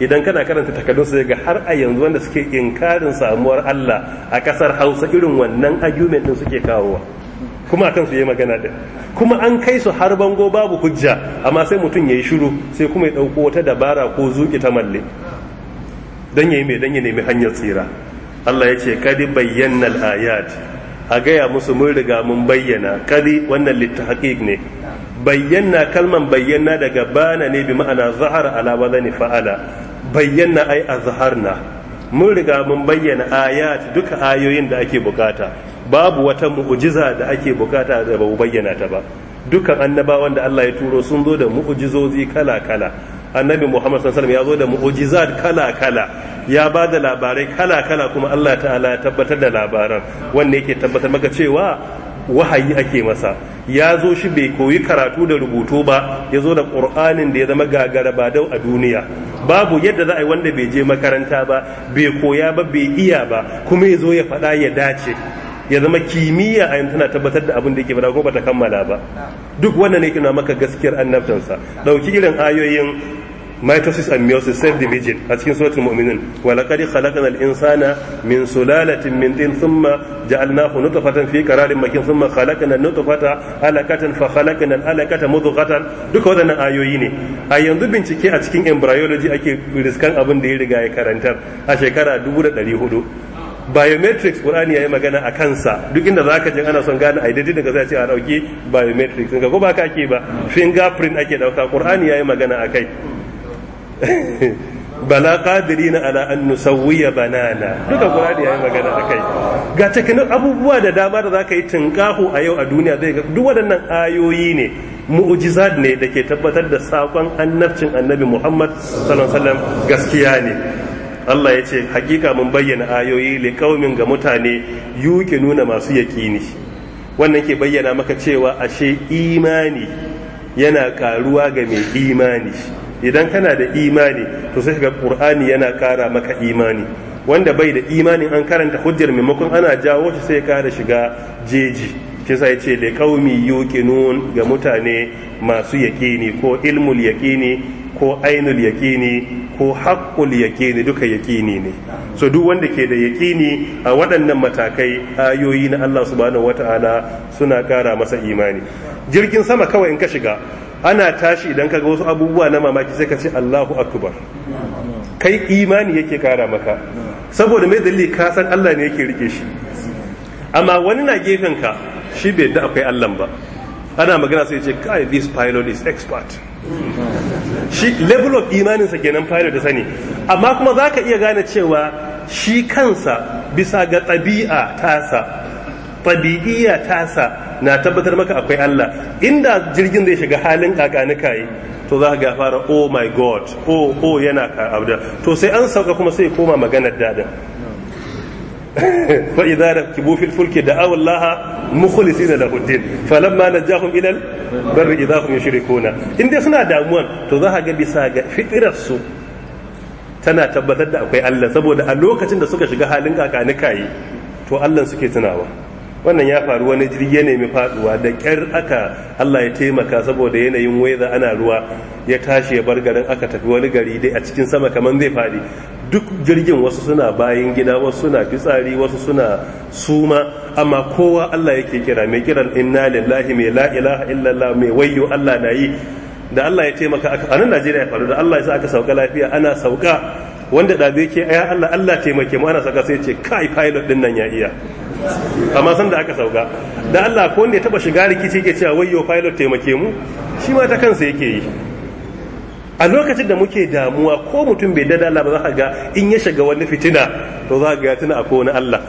idan kana karanta takardun su ga har a yanzu wanda suke inkarin samuwar Allah a ƙasar Hausa irin wannan argument ɗin suke kawowa kuma akan su yi magana din kuma an kai su har bango babu hujja amma sai mutum ya yi shiru sai kuma ya ɗauko wata dabara ko zuƙi ta malle don ya yi mai don ya nemi hanyar tsira Allah ya ce kadi bayyana al'ayat a gaya musu mun riga mun bayyana kadi wannan littahaqiq ne bayyana kalman bayyana daga bana ne bi ma'ana zahara ala wazani fa'ala bayyana ai azharna mun riga mun bayyana ayat duka ayoyin da ake bukata babu wata mu'ujiza da ake bukata da ba bayyana ta ba dukkan annabawan da Allah ya turo sun zo da mu'ujizozi kala-kala annabi Muhammad sallallahu alaihi ya zo da mu'ujizat kala-kala ya ba da labarai kala-kala kuma Allah ta'ala ya tabbatar da labaran wanda yake tabbatar maka cewa wahayi ake masa ya zo shi bai koyi karatu da rubutu ba ya zo da ƙur'anin da ya zama gagara ba dau a duniya babu yadda za a yi wanda bai je makaranta ba bai koya ba bai iya ba kuma ya zo ya faɗa ya dace ya zama kimiyya a tana tabbatar da abin da yake faɗa kuma bata kammala ba duk wannan ne kina maka gaskiyar annabtansa dauki irin ayoyin mitosis and meiosis save the virgin a cikin suratul mu'minin wa laqad khalaqna al-insana min sulalatin min tin thumma ja'alnahu nutfatan fi qararin makin thumma khalaqna nutfata alaqatan fa khalaqna alaqata mudghatan duka wadannan ayoyi ne a yanzu bincike a cikin embryology ake riskan abin da ya riga ya karantar a shekara 1400 biometrics qur'ani yayi magana a kansa duk inda zaka jin ana son gane identity daga zai ce a dauki biometrics ga ko ba ka ake ba fingerprint ake dauka qur'ani yayi magana akai bala qadirina ala an nusawwiya banana duka qur'ani yayi magana akai ga teknik abubuwa da dama da zaka yi tinkahu a yau a duniya zai ga duk waɗannan ayoyi ne mu'jizat ne da ke tabbatar da sakon annabcin annabi Muhammad sallallahu alaihi wasallam gaskiya ne Allah ya ce hakika mun bayyana ayoyi li kaumin ga mutane yuki nuna masu yaƙini wannan ke bayyana maka cewa ashe imani yana karuwa ga mai imani idan kana da imani to sai ga qur'ani yana kara maka imani wanda bai da imani an karanta hujjar maimakon ana jawo shi sai kara shiga jeji ke sai ce li yuke nun ga mutane masu yaqini ko ilmul yaqini ko ainul yaƙini, ko haqqul yaƙini, duka yaƙini ne so duk wanda ke da yaqini a waɗannan matakai ayoyi na Allah subhanahu wata'ala suna ƙara masa imani jirgin sama kawai in ka shiga ana tashi idan ka ga wasu abubuwa na mamaki sai ka ce Allahu akbar kai imani yake ƙara maka saboda mai dalili ka san Allah ne yake rike shi amma wani na gefen ka shi bai da akwai Allah ba ana magana sai ce kai this pilot is expert shi level of imaninsa kenan fara da sani amma kuma za ka iya gane cewa shi kansa bisa ga ɗabi'a tasa tabi'iyya tasa na tabbatar maka akwai Allah inda jirgin zai shiga halin kakanika yi to za ga fara oh my god oh oh yana ka abda, to sai an sauka kuma sai koma maganar dadin fa idza rakibu fil fulki da'aw Allah mukhlisina lahu din falamma najahum ila al barri idza hum yushrikuna inda suna damuwan to za ga bisa ga fitirar su tana tabbatar da akwai Allah saboda a lokacin da suka shiga halin kakani kayi to Allah suke tunawa wannan ya faru wani jirgi ya nemi faduwa da kyar aka Allah ya taimaka saboda yanayin waiza ana ruwa ya tashi ya bar garin aka tafi wani gari dai a cikin sama kamar zai fadi duk jirgin wasu suna bayan gida wasu suna fitsari wasu suna suma amma kowa Allah yake kira mai kiran inna lillahi mai la ilaha illallah mai wayo Allah na yi da Allah ya taimaka a nan Najeriya ya faru da Allah ya sa aka sauka lafiya ana sauka wanda da bai ke ya Allah Allah taimake mu ana sauka sai ce kai pilot din nan ya iya amma san da aka sauka da Allah ko ne taba shiga rikici yake cewa wayo pilot taimake mu shi ma ta kansa yake yi a lokacin da muke damuwa ko mutum bai dada Allah ba za ga in ya shiga wani fitina to za ga tuna a kowane Allah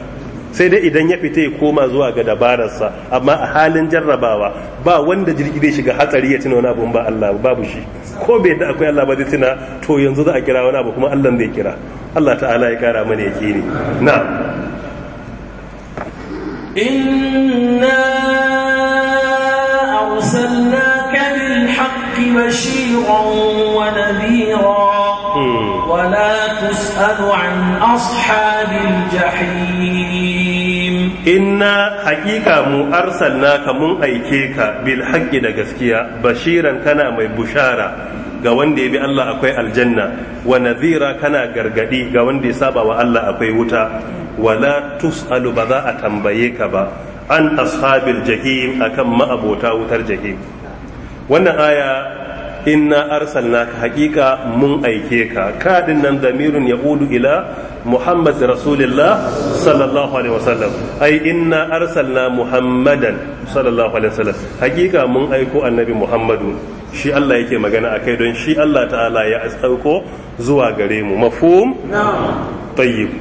sai dai idan ya fita ya koma zuwa ga dabararsa amma a halin jarrabawa ba wanda jirgi zai shiga hatsari ya tuna wani abu ba Allah babu shi ko bai da akwai Allah ba zai tuna to yanzu za a kira wani abu kuma Allah zai kira Allah ta'ala ya kara mana ya ne na inna arsalna بشيرا ونذيرا hmm. ولا تسأل عن أصحاب الجحيم إنا حقيقة مو أرسلناك من أيكيك بالحق دقسكيا بشيرا كان مي بشارة ga wanda ya bi Allah akwai aljanna wa nadhira kana gargadi ga wanda ya saba wa Allah akwai wuta wala tusalu ba za a tambaye ka ba an ashabil jahim akan ma'abota wutar jahim wannan aya inna arsalnaka haqiqa mun aike ka kadin nan damirun yaudu ila muhammad rasulillah sallallahu alaihi wasallam ai inna arsalna muhammadan sallallahu alaihi wasallam haqiqa mun aiko annabi muhammadu shi Allah yake magana a kai don shi Allah ta'ala ya aiko zuwa gare mu mafhum na'am tayyib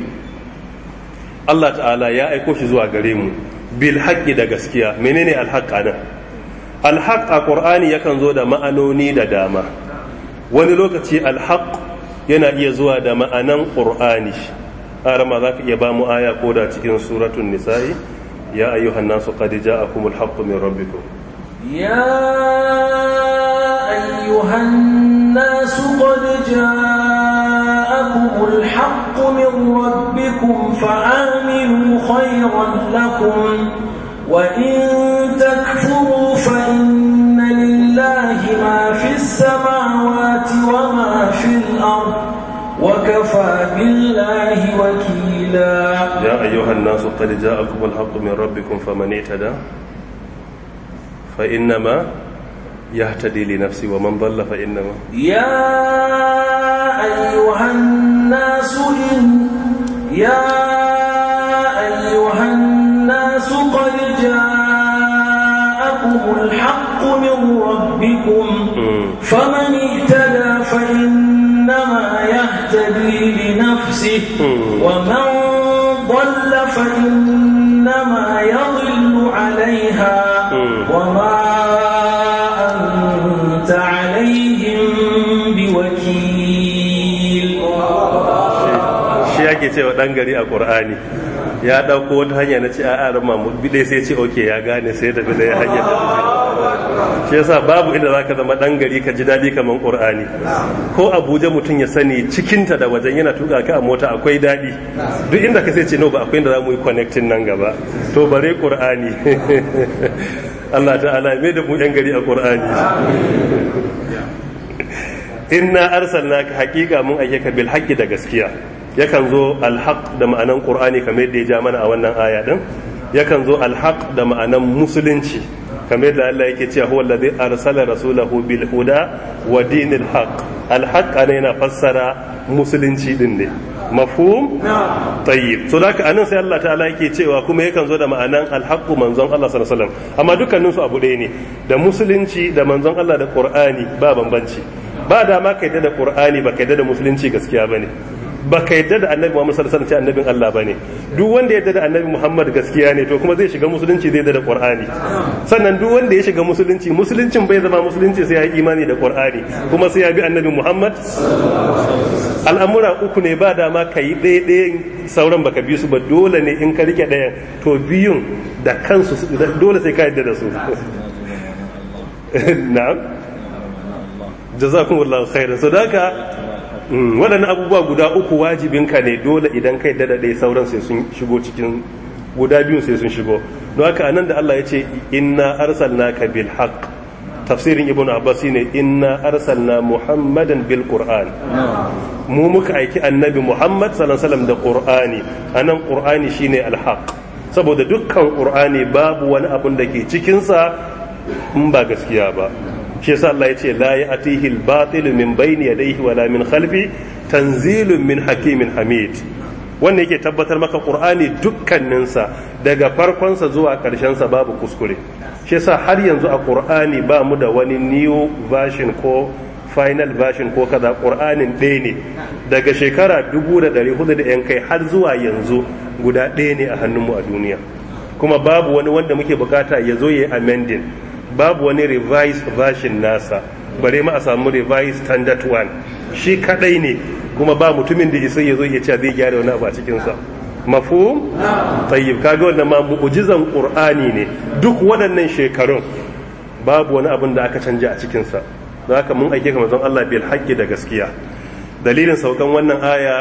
Allah ta'ala ya aiko shi zuwa gare mu bil haqqi da gaskiya menene al haqqa nan alhaq a ƙur'ani yakan zo da ma'anoni da dama wani lokaci alhaq yana iya zuwa da ma'anan ƙur'ani arama za ka iya ba mu aya ko da cikin suratun nisa'i ya su nasu a ja'akum alhaqqu min rabbikum ya su nasu a ja'akum alhaqqu min rabbikum fa'aminu khayran lakum wa in السماوات وما في الأرض وكفى بالله وكيلا يا أيها الناس قد جاءكم الحق من ربكم فمن اعتدى فإنما يهتدي لنفسي ومن ضل فإنما يا أيها الناس إن يا أيها الناس قد جاءكم الحق من ربكم فمن اهتدى فإنما يهتدي لنفسه ومن ضل فإنما يضل عليها وما أنت عليهم بوكيل shi ake cewa ɗan ya ɗauko wata hanya na ci a'a rama mu bide sai ce oke ya gane sai tafi da ya hanyar shi yasa babu inda ka zama dan gari ka ji daɗi kamar qur'ani ko abuja mutum ya sani cikinta da wajen yana tuka ka a mota akwai daɗi. duk inda ka sai ce no ba akwai inda za mu yi connecting nan gaba to bare qur'ani Allah ta'ala mai da mu ɗan gari a qur'ani inna arsalnaka haƙiƙa mun ka bil haqqi da gaskiya yakan zo alhaq da ma'anan qur'ani kamar yadda ya ja mana a wannan aya din yakan zo alhaq da ma'anan musulunci kamar da Allah yake cewa huwa allazi arsala rasulahu bil huda wa dinil haqq al haqq ne yana fassara musulunci din ne mafhum tayyib so da anan sai Allah ta'ala yake cewa kuma yakan zo da ma'anan al haqq manzon Allah sallallahu alaihi wasallam amma dukkanin su abu ɗaya ne da musulunci da manzon Allah da qur'ani ba bambanci ba dama ma da qur'ani ba kaida da musulunci gaskiya bane baka yadda da annabi Muhammad sallallahu alaihi wasallam annabin Allah bane duk wanda yadda da annabi Muhammad gaskiya ne to kuma zai shiga musulunci zai da Qur'ani sannan duk wanda ya shiga musulunci musuluncin bai zama musulunci sai ya yi imani da Qur'ani kuma sai ya bi annabi Muhammad al'amura uku ne ba dama ka yi ɗaya sauran baka bi su ba dole ne in ka rike ɗayan to biyun da kansu dole sai ka yadda da su na'am jazakumullahu khairan sadaka Mm, waɗannan abubuwa guda uku wajibinka ne dole idan kai da ɗaya sauran sai sun shigo cikin guda biyun sai sun shigo don haka anan da Allah ya ce inna ka bil haqq tafsirin ibnu abbas ne inna arsalna muhammadan bil qur'an mu muka aiki annabi muhammad sallallahu alaihi wasallam da qur'ani anan qur'ani shine al haqq saboda dukkan qur'ani babu wani abun da ke cikin sa in ba gaskiya ba shi yasa Allah ya ce la ya'tihi al-batil min bayni yadayhi la min khalfi tanzilun min hakimin hamid wanda yake tabbatar maka qur'ani dukkaninsa daga farkon sa zuwa karshen sa babu kuskure shi yasa har yanzu a qur'ani ba mu da wani new version ko final version ko kaza qur'anin ɗaya ne daga shekara 1400 da yan kai har zuwa yanzu guda ɗaya ne a hannun mu a duniya kuma babu wani wanda muke bukata ya zo ya yi amending babu wani revised version nasa bare ma a samu revised standard one shi kadai ne kuma ba mutumin da isa ya zo ya ce zai gyara wani abu a cikinsa mafu tayyib kaga wannan ma mu'jizan qur'ani ne duk waɗannan shekarun babu wani abin da aka canja a cikinsa don haka mun aike kamar manzon Allah bil haqqi da gaskiya dalilin saukan wannan aya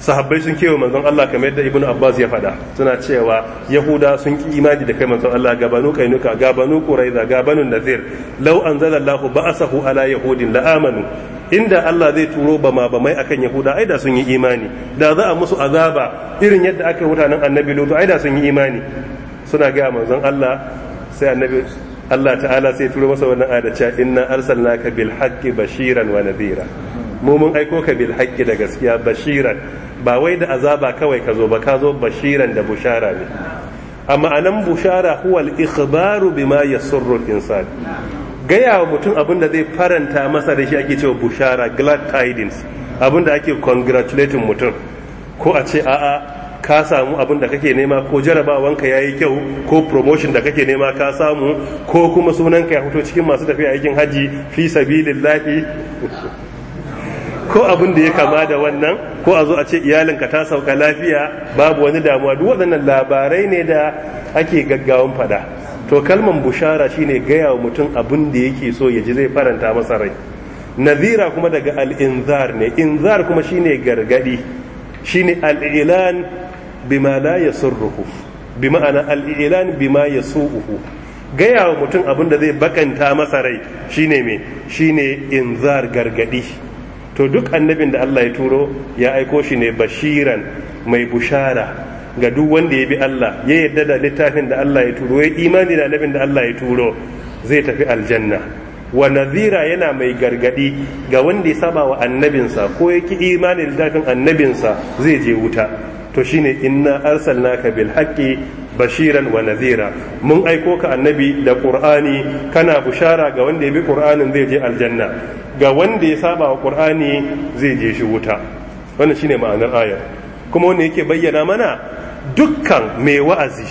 sahabbai sun kewa manzon Allah kamar yadda ibnu abbas ya faɗa suna cewa yahuda sun ki imani da kai manzon Allah ga banu kainuka ga banu quraiza ga banu nazir law anzala Allahu ba'asahu ala yahudin la amanu inda Allah zai turo bama bamai akan yahuda ai da sun yi imani da za a musu azaba irin yadda aka yi mutanen annabi lutu ai da sun yi imani suna ga manzon Allah sai annabi Allah ta'ala sai turo masa wannan ayat cewa inna arsalnaka bil haqqi bashiran wa nadhira mu mun aiko ka bil haqqi da gaskiya bashiran ba wai da azaba kawai ka zo ba ka zo bashiran da bushara ne amma anan bushara huwal ikhbaru bima yasurru insan gaya wa mutum abin da zai faranta masa da shi ake cewa bushara glad tidings abin da ake congratulating mutum ko a ce a'a ka samu abin da kake nema ko jarabawanka ya yi kyau ko promotion da kake nema ka samu ko kuma sunanka ya fito cikin masu tafiya aikin haji fi sabilillahi ko abin da ya kama da wannan ko a zo a ce iyalinka ta sauka lafiya babu wani damuwa duk waɗannan labarai ne da ake gaggawan fada to kalman bushara shine gaya wa mutum abin da yake so ya ji zai faranta masa rai nazira kuma daga al-inzar ne inzar kuma shine gargadi shine al-ilan bima la yasurruhu bi ma'ana al-ilan bima yasu'uhu gaya wa mutum abin da zai bakanta masa rai shine me shine inzar gargadi to duk annabin da Allah ya turo ya aiko shi ne bashiran mai bushara ga duk wanda ya bi Allah ya yadda da littafin da Allah ya turo ya imani da annabin da Allah ya turo zai tafi aljanna wa nazira yana mai gargadi ga wanda ya saba wa annabinsa ko ya ki imani da littafin annabinsa zai je wuta to shine inna arsalnaka bil haqqi bashiran wa nadhira mun aiko ka annabi da qur'ani kana bushara ga wanda ya bi qur'anin zai je aljanna ga wanda ya saba wa qur'ani zai je shi wuta wannan shine ma'anar ayar kuma wanda yake bayyana mana dukkan mai wa'azi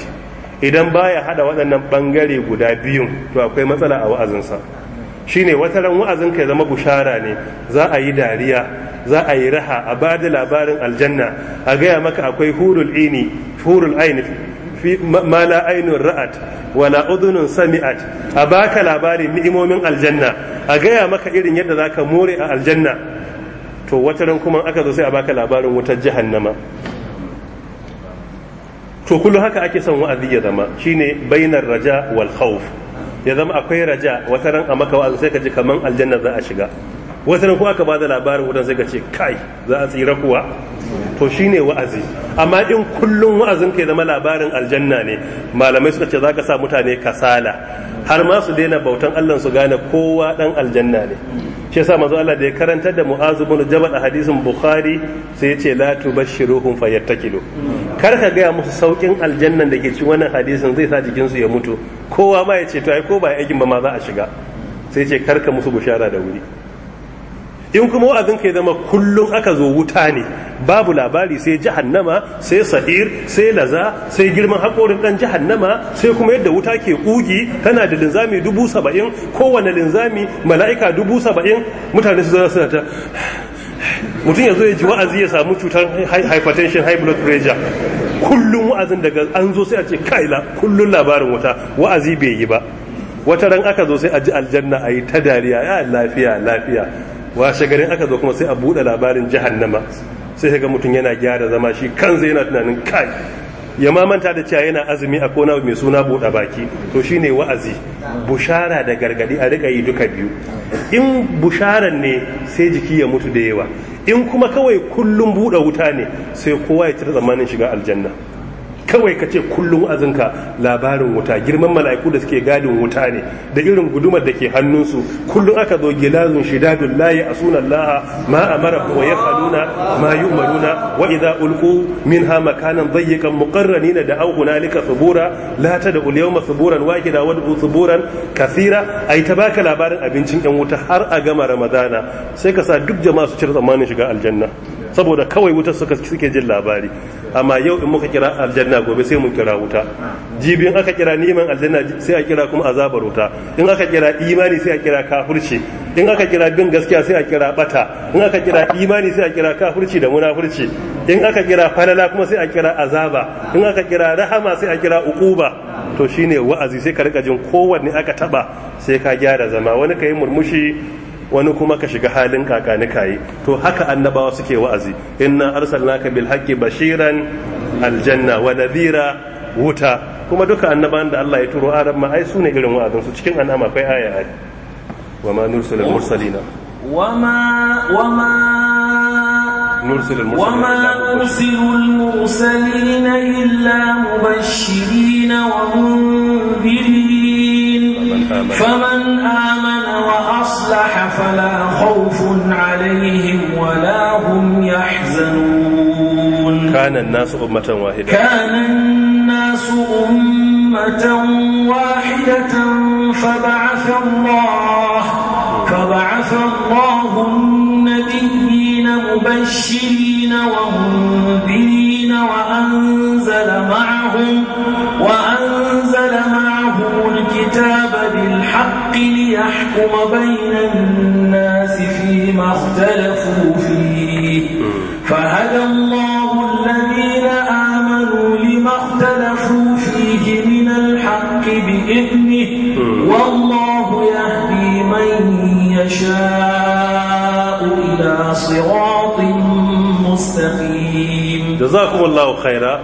idan baya hada waɗannan bangare guda biyun to akwai matsala a wa'azinsa shine wata ran wa'azin ka zama bushara ne za a yi dariya za a yi raha a ba da labarin aljanna a gaya maka akwai hurul ini hurul aini fi ma la ra'at wala udhunun sami'at a baka labarin ni'imomin aljanna a gaya maka irin yadda zaka more a aljanna to wata ran kuma aka zo sai a baka labarin wutar jahannama to kullum haka ake son wa'azi ya zama shine bainar raja wal khawf ya zama akwai raja wata ran a maka wa'azi sai ka ji kaman aljanna za a shiga wata ran ko aka bada labarin wutan sai ka ce kai za a tsira kuwa to shine wa'azi amma in kullum wa'azin ka ya zama labarin aljanna ne malamai suka ce za ka sa mutane kasala har ma su daina bautan Allah su gane kowa dan aljanna ne shi yasa manzo Allah da ya karantar da Mu'az ibn Jabal a hadisin Bukhari sai ya ce la tubashshiruhum fayattakilu kar ka ga musu saukin aljanna da ke cikin wannan hadisin zai sa jikin su ya mutu kowa ma ya ce to ai ko ba aikin ba ma za a shiga sai ce kar ka musu bushara da wuri in kuma wa'azin ka zama kullum aka zo wuta ne babu labari sai jahannama sai sahir sai laza sai girman haƙorin ɗan jahannama sai kuma yadda wuta ke ƙugi tana da linzami dubu saba'in kowane linzami mala'ika dubu saba'in mutane su zara mutum ya zo ya ji wa'azi ya samu cutar hypertension high blood pressure kullum wa'azin daga an zo sai a ce kaila kullum labarin wuta wa'azi bai yi ba wata ran aka zo sai a ji aljanna a yi ta dariya ya lafiya lafiya washe garin aka zo kuma sai a buɗe labarin jahannama sai ga mutum yana gyara zama shi kan zai yana tunanin kai ya mamanta da cewa yana azumi a kona mai suna buɗe baki to shi ne wa'azi bushara da gargadi a riƙa yi duka biyu in busharan ne sai jiki ya mutu da yawa in kuma kawai kullum buɗe wuta ne sai kowa ya ci zamanin shiga aljanna kawai ka ce kullum azinka labarin wuta girman mala'iku da suke gadin wuta ne da irin gudumar da ke hannunsu kullum aka zo gilazun shidadun layi a sunan laha ma mara wa ya faluna ma yi umaruna wa idza ulqu minha makanan dayyiqan muqarranina da au hunalika subura lata da ulyawma suburan wahida wa du suburan kathira ai ta baka labarin abincin yan wuta har a gama ramadana sai ka sa duk jama'a su cire tsammanin shiga aljanna saboda kawai wuta suka suke jin labari amma yau in muka kira aljanna gobe sai mun kira wuta jibin aka kira neman aljanna sai a kira kuma azabar wuta in aka kira imani sai a kira kafirci in aka kira bin gaskiya sai a kira bata in aka kira imani sai a kira kafirci da munafurci in aka kira falala kuma sai a kira azaba in aka kira rahama sai a kira ukuba to shine wa'azi sai ka rika jin kowanne aka taba sai ka gyara zama wani ka yi murmushi wani kuma ka shiga halin kakani kayi to haka annabawa suke wa'azi inna arsalnaka bil haqqi bashiran aljanna wa nadhira wuta kuma duka annabawan da Allah ya turo arab ma ai sune irin wa'azin su cikin an'ama akwai aya ai wa ma nursilul mursalina wa ma wa ma wa ma nursilul mursalina illa mubashshirina wa mundirin faman أصلح فلا خوف عليهم ولا هم يحزنون كان الناس أمة واحدة كان الناس أمة واحدة فبعث الله فبعث الله النبيين مبشرين ومنذرين وأنزل معهم بالحق ليحكم بين الناس فيما اختلفوا فيه فهدى الله الذين آمنوا لما اختلفوا فيه من الحق بإذنه والله يهدي من يشاء إلى صراط مستقيم جزاكم الله خيرا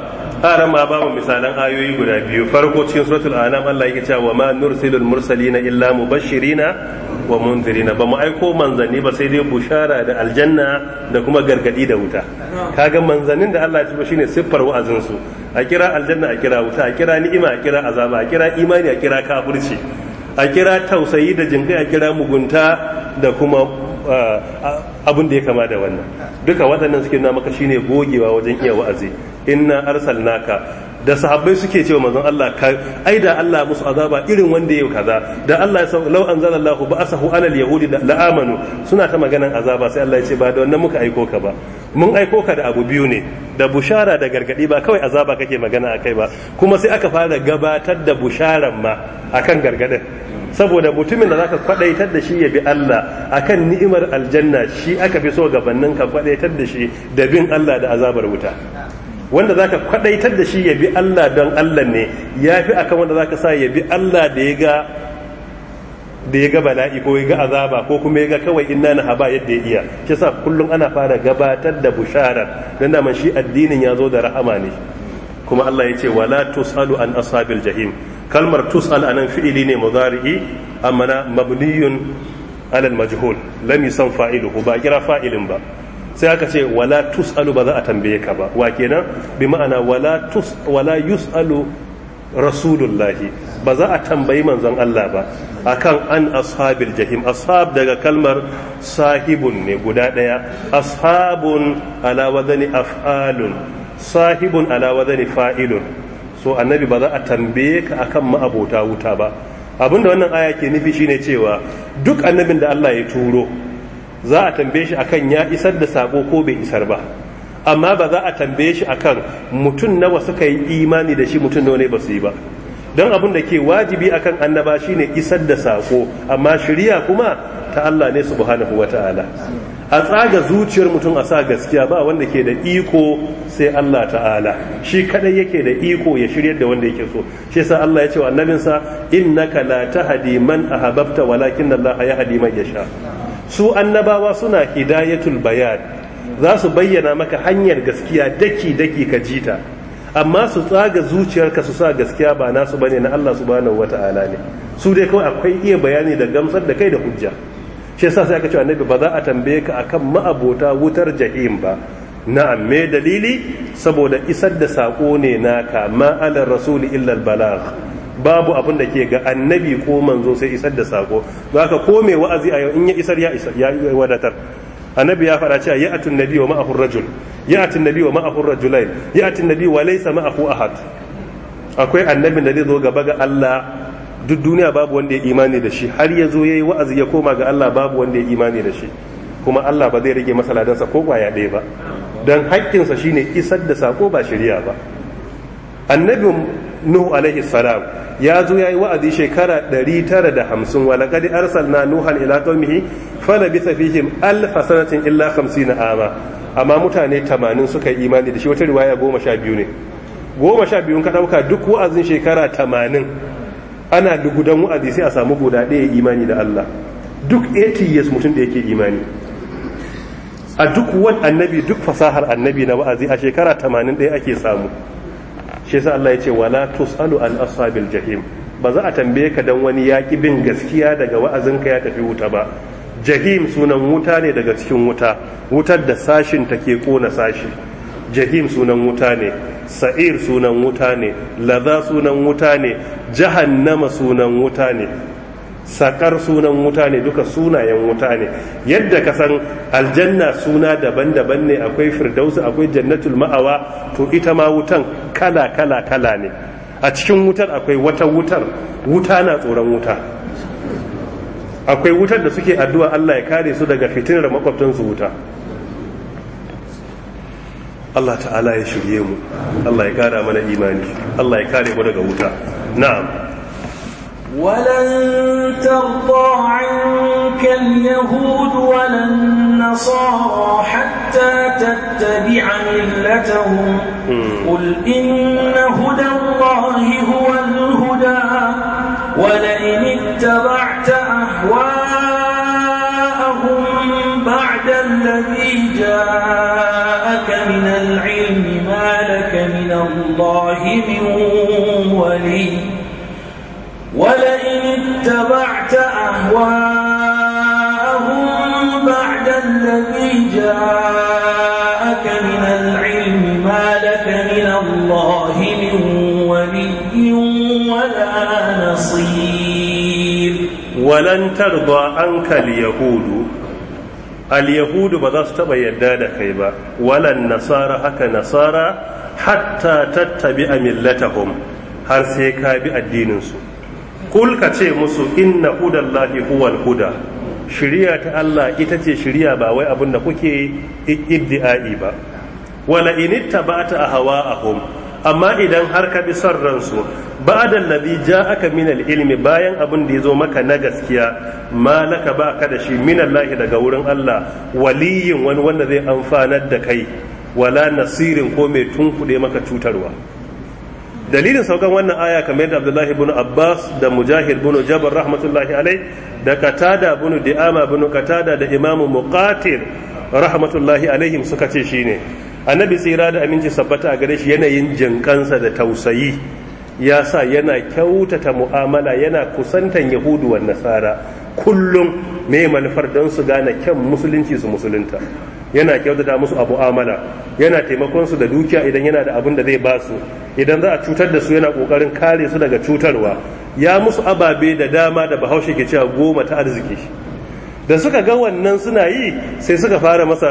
ƙara ma babu mu misalan ayoyi guda biyu farko cikin suratul anam Allah yake cewa ma nursilul mursalina illa mubashirina wa munzirina ba mu aiko manzanni ba sai dai bushara da aljanna da kuma gargadi da wuta kaga manzannin da Allah ya tuba shine siffar wa'azin su a kira aljanna a kira wuta a kira ni'ima a kira azaba a kira imani a kira kafirci a kira tausayi da jinkai a kira mugunta da kuma ah, abin da ya kama da wannan duka waɗannan suke na maka shine gogewa wajen iya wa'azi inna arsalnaka da sahabbai suke cewa manzon Allah ka aida Allah musu azaba irin wanda yau kaza da Allah ya sauka law anzalallahu ba'asahu alal yahudi da la'amanu suna ta maganan azaba sai Allah ya ce ba da wannan muka aiko ka ba mun aiko ka da abu biyu ne da bushara da gargadi ba kawai azaba kake magana akai ba kuma sai aka fara gabatar da busharan ma akan gargadin saboda mutumin da zaka kwadaitar da shi ya bi Allah akan ni'imar aljanna shi aka fi so gabanin ka kwadaitar da shi da bin Allah da azabar wuta wanda za ka kwadaitar da shi ya bi Allah don Allah ne ya fi a kan wanda za ka sa ya bi Allah da ya ga da ya ga bala'i ko ya ga azaba ko kuma ya ga kawai ina na haba yadda ya iya shi sa kullum ana fara gabatar da busharar don da shi addinin ya zo da rahama ne kuma Allah ya ce wala tusalu an ashabil jahim kalmar tusal anan fi'ili ne mudari'i amma na mabniyun alal majhul lam yusan fa'iluhu ba kira fa'ilin ba sai aka ce wala tusalu ba za a tambaye ka ba wa kenan bi ma'ana wala tus wala yusalu rasulullahi ba za a tambayi manzon Allah ba akan an ashabil jahim ashab daga kalmar sahibun ne guda daya ashabun ala wadani af'alun sahibun ala wadani fa'ilun so annabi ba za a tambaye ka akan ma'abota wuta ba abinda wannan aya ke nufi shine cewa duk annabin da Allah ya turo za a tambaye shi akan ya isar da sako ko bai isar ba amma ba za a tambaye shi akan mutum nawa suka yi imani da shi mutum nawa ne ba su yi ba don abin da ke wajibi akan annaba shi ne isar da sako amma shirya kuma ta Allah ne subhanahu ta'ala. a tsaga zuciyar mutum a sa gaskiya ba wanda ke da iko sai Allah ta'ala shi kadai yake da iko ya shiryar da wanda yake so shi yasa Allah ya ce wa annabinsa innaka la tahdi man ahbabta walakin Allah yahdi man yasha su annabawa suna hidayatul bayan za su bayyana maka hanyar gaskiya daki daki ka jita amma su tsaga zuciyarka su sa gaskiya ba nasu bane na Allah subhanahu wata'ala ne su dai kawai akwai iya bayani da gamsar da kai da hujja shi yasa sai aka ce annabi ba za a tambaye ka akan ma'abota wutar jahim ba na'am me dalili saboda isar da sako ne naka ma alar rasul illa al balagh babu abin da ke ga annabi ko manzo sai isar da sako haka ko mai wa'azi a yau in ya isar ya isar ya wadatar annabi ya fara cewa ya atun nabi wa ma'ahu rajul ya atun nabi wa ma'ahu rajulain ya atun nabi wa laysa ma'ahu ahad akwai annabi da zai zo gaba ga Allah duk duniya babu wanda ya imani da shi har ya zo yayi wa'azi ya koma ga Allah babu wanda ya imani da shi kuma Allah ba zai rage masaladansa ko kwaya ɗaya ba don haƙƙinsa shine isar da sako ba shirya ba annabi nuhu alaihi salam ya zo ya yi wa'azi shekara 950 wa laqad arsalna nuhan ila qaumihi bi fihim alf sanatin illa 50 ama amma mutane 80 suka yi imani da shi wata riwaya 12 ne 12 ka dauka duk wa'azin shekara 80 ana dugudan wa'azi sai a samu guda ɗaya imani da Allah duk 80 years mutum da yake imani a duk wani annabi duk fasahar annabi na wa'azi a shekara 81 ake samu shi sa Allah ya ce wala tusalu an ashabil jahim ba za a tambaye ka dan wani yaki bin gaskiya daga wa'azinka ya tafi wuta ba jahim sunan wuta ne daga cikin wuta wutar da sashin ke kona sashi jahim sunan wuta ne sa'ir sunan wuta ne laza sunan wuta ne jahannama sunan wuta ne sakar sunan wuta ne duka sunayen wuta ne yadda ka san aljanna suna daban-daban ne akwai firdausu akwai jannatul ma'awa to ita ma wutan kala kala kala ne a cikin wutar akwai wata wutar wuta na tsoron wuta akwai wutar da suke addu'a Allah ya kare su daga fitinar su wuta Allah ta'ala ya shirye mu Allah ya kara mana imani Allah ya kare mu daga wuta na'am ولن ترضى عنك اليهود ولا النصارى حتى تتبع ملتهم قل إن هدى الله هو الهدى ولئن اتبعت أهواءهم بعد الذي جاءك من العلم ما لك من الله من جاءك من العلم ما لك من الله من ولي ولا نصير ولن ترضى عنك اليهود اليهود بذلك تبا يدادك ولا النصارى هكا نصارى حتى تتبع ملتهم هل سيكا بأدين bi addininsu kul ka ce musu inna hudallahi huwal shiriya ta Allah ita ce shirya ba wai abin da kuke iddi'ai ba wala initta ba ta a hawa a hom amma idan har ka bi son ransu ba da nabi ja aka minal ilimi bayan abin da ya zo maka na gaskiya malaka ba ka da shi lahi daga wurin Allah waliyin wani wanda zai amfanar da kai wala nasirin ko mai tunkuɗe maka cutarwa dalilin saukan wannan aya kamar yadda abdullahi bin abbas da mujahid bin jabar rahmatullahi alai da katada bin di'ama bin katada da imam muqatil rahmatullahi alaihim suka ce shine annabi tsira da aminci sabbata a gare shi yanayin jinkansa da tausayi ya sa yana kyautata mu'amala yana kusantan yahudu wa nasara kullum mai manufar don su gane kyan musulunci su musulunta yana kyautata musu a mu'amala yana taimakon su da dukiya idan yana da abin da zai ba su idan za a cutar da su yana kokarin kare su daga cutarwa ya musu ababe da dama da bahaushe ke cewa goma ta arziki da suka ga wannan suna yi sai suka fara masa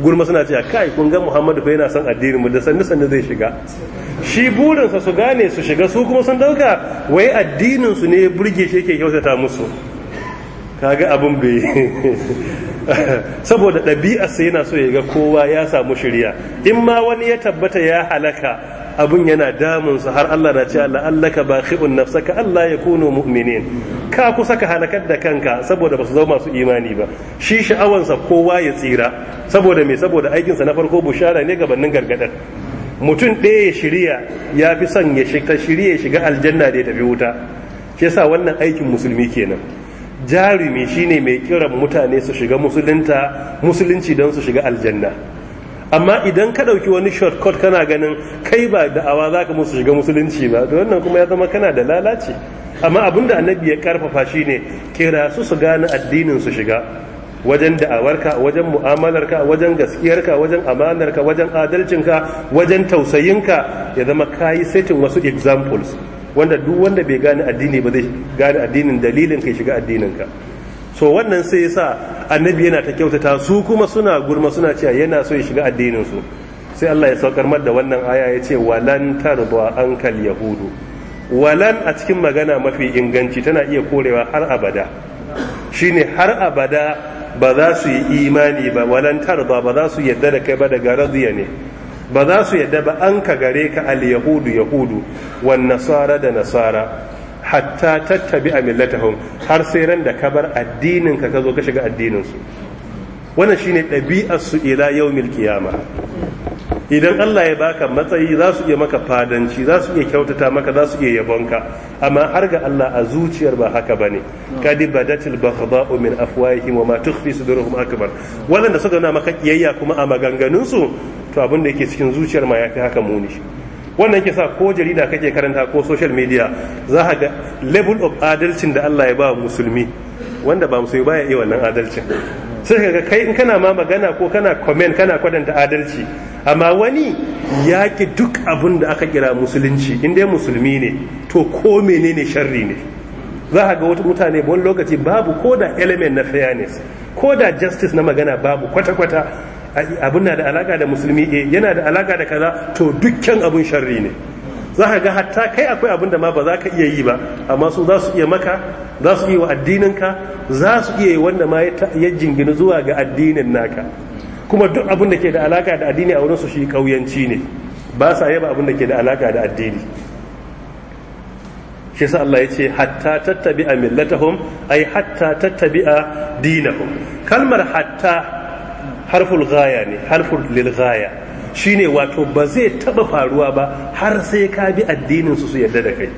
gurma suna cewa kai kun ga Muhammadu fa yana son addinin mu da sanni sanni zai shiga shi burinsa su gane su shiga su kuma sun dauka wai addinin su ne burge shi yake kyautata musu kaga abin bai saboda ɗabi'a sai yana so ya ga kowa ya samu shirya in ma wani ya tabbata ya halaka abun yana damunsa har Allah na ce Allah Allah ka ba khi'un nafsaka Allah ya kuno mu'minin ka kusa ka halakar da kanka saboda ba su zama masu imani ba shi sha'awansa kowa ya tsira saboda me saboda aikinsa na farko bushara ne gabanin gargadar mutum ɗaya ya shirya ya fi son ya shirya ya shiga aljanna da ya tafi wuta shi yasa wannan aikin musulmi kenan jarumi shine mai kiran mutane su shiga musulunta musulunci don su shiga aljanna amma idan ka ɗauki wani shortcut kana ganin kai ba da'awa za ka musu shiga musulunci ba to wannan kuma ya zama kana da lalaci amma abin da annabi ya karfafa shine kira su su gane addinin su shiga wajen da'awarka wajen mu'amalarka wajen gaskiyarka wajen amanarka wajen adalcinka wajen tausayinka ya zama kayi setin wasu examples wanda duk wanda bai gane addini ba zai gane addinin dalilin kai shiga addinin ka so wannan sai ya sa annabi yana ta kyautata su kuma suna gurma suna cewa yana so ya shiga addinin su sai Allah ya saukar mar da wannan aya ya ce walan tarba ankal yahudu walan a cikin magana mafi inganci tana iya korewa har abada shine har abada ba za su yi imani ba walan tarba ba za su yarda da kai ba daga radiya ne ba za su yadda ba an ka gare ka al yahudu yahudu wan nasara da nasara hatta tattabi a millatahum har sai ran da ka bar addinin ka zo ka shiga addinin su wannan shine ɗabi'ar su ila yawmil qiyama idan Allah ya baka matsayi za su iya maka fadanci za su iya kyautata maka za su iya yabonka amma har ga Allah a zuciyar ba haka bane kadi badatil baghdha'u min afwahihim wama tukhfi sudurhum akbar wanda suka nuna maka kiyayya kuma a maganganun su to abin da yake cikin zuciyar ma yafi haka muni wannan yake sa ko jarida kake karanta ko social media za ka ga level of adalcin da Allah ya ba musulmi wanda ba musulmi ba baya iya wannan adalcin sai ka kai in kana ma magana ko kana comment kana kwadanta adalci amma wani ya ki duk abin da aka kira musulunci in dai musulmi ne to ko menene sharri ne za a ga wata mutane wani lokaci babu ko da element na fairness ko da justice na magana babu kwata-kwata abin na da alaka da musulmi eh, yana da alaka da kaza to dukkan abin sharri ne za ka ga hatta kai akwai abin da ma ba za ka iya yi ba amma su za su iya maka za su iya wa addininka za su iya yi wanda ma ya jingina zuwa ga addinin naka kuma duk abin da ke da alaka da addini a wurinsu shi kauyanci ne ba sa yaba abin da ke da alaka da addini shi sa Allah ya ce hatta tattabi'a millatahum ay hatta tattabi'a dinahum kalmar hatta harful ghaya ne harful lil shine wato ba zai taba faruwa ba har sai ka bi addinin su su yarda da kai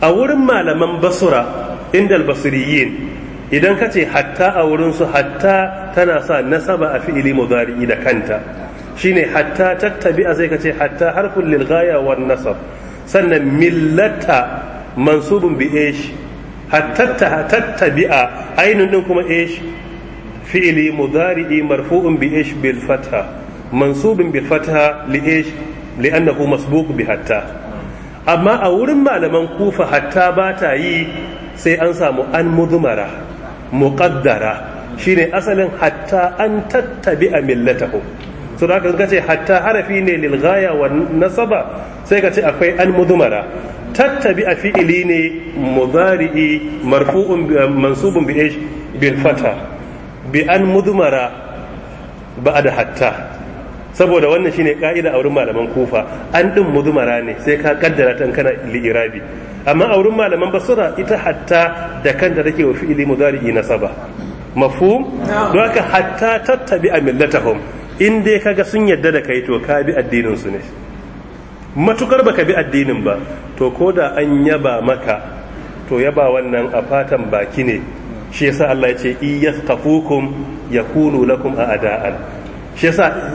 a wurin malaman basura indal basiriyin idan ka ce hatta a wurin su hatta tana sa nasaba a fi'ili mudari'i da kanta shine hatta tattabi'a sai ka ce hatta harful lil ghaya wan nasab sannan millata mansubun bi ish hatta tattabi'a ainun din kuma ish fi'ili mudari'i marfu'un bi ish bil fatha mansubin bil fatha li ish li annahu masbuq bi hatta amma a wurin malaman kufa hatta ba ta yi sai an samu an mudumara muqaddara shine asalin hatta an tattabi a millatahu so da ka ce hatta harafi ne lil wa nasaba sai ka ce akwai an mudumara tattabi a fi'ili ne mudari'i marfu'un mansubun bi ish bi an mudumara ba da hatta saboda wannan shine ka'ida a wurin malaman kufa an din mudumara ne sai ka kaddara ta kana li'irabi amma a wurin malaman basura ita hatta da kanta take wa fi'ili mudari'i nasaba mafhum don haka hatta tattabi a millatahum in dai kaga sun yadda da kai to ka bi addinin su ne matukar baka bi addinin ba to ko da an yaba maka to yaba wannan a fatan baki ne shi yasa Allah ya ce iyyaskafukum yakulu lakum a'da'an shi yasa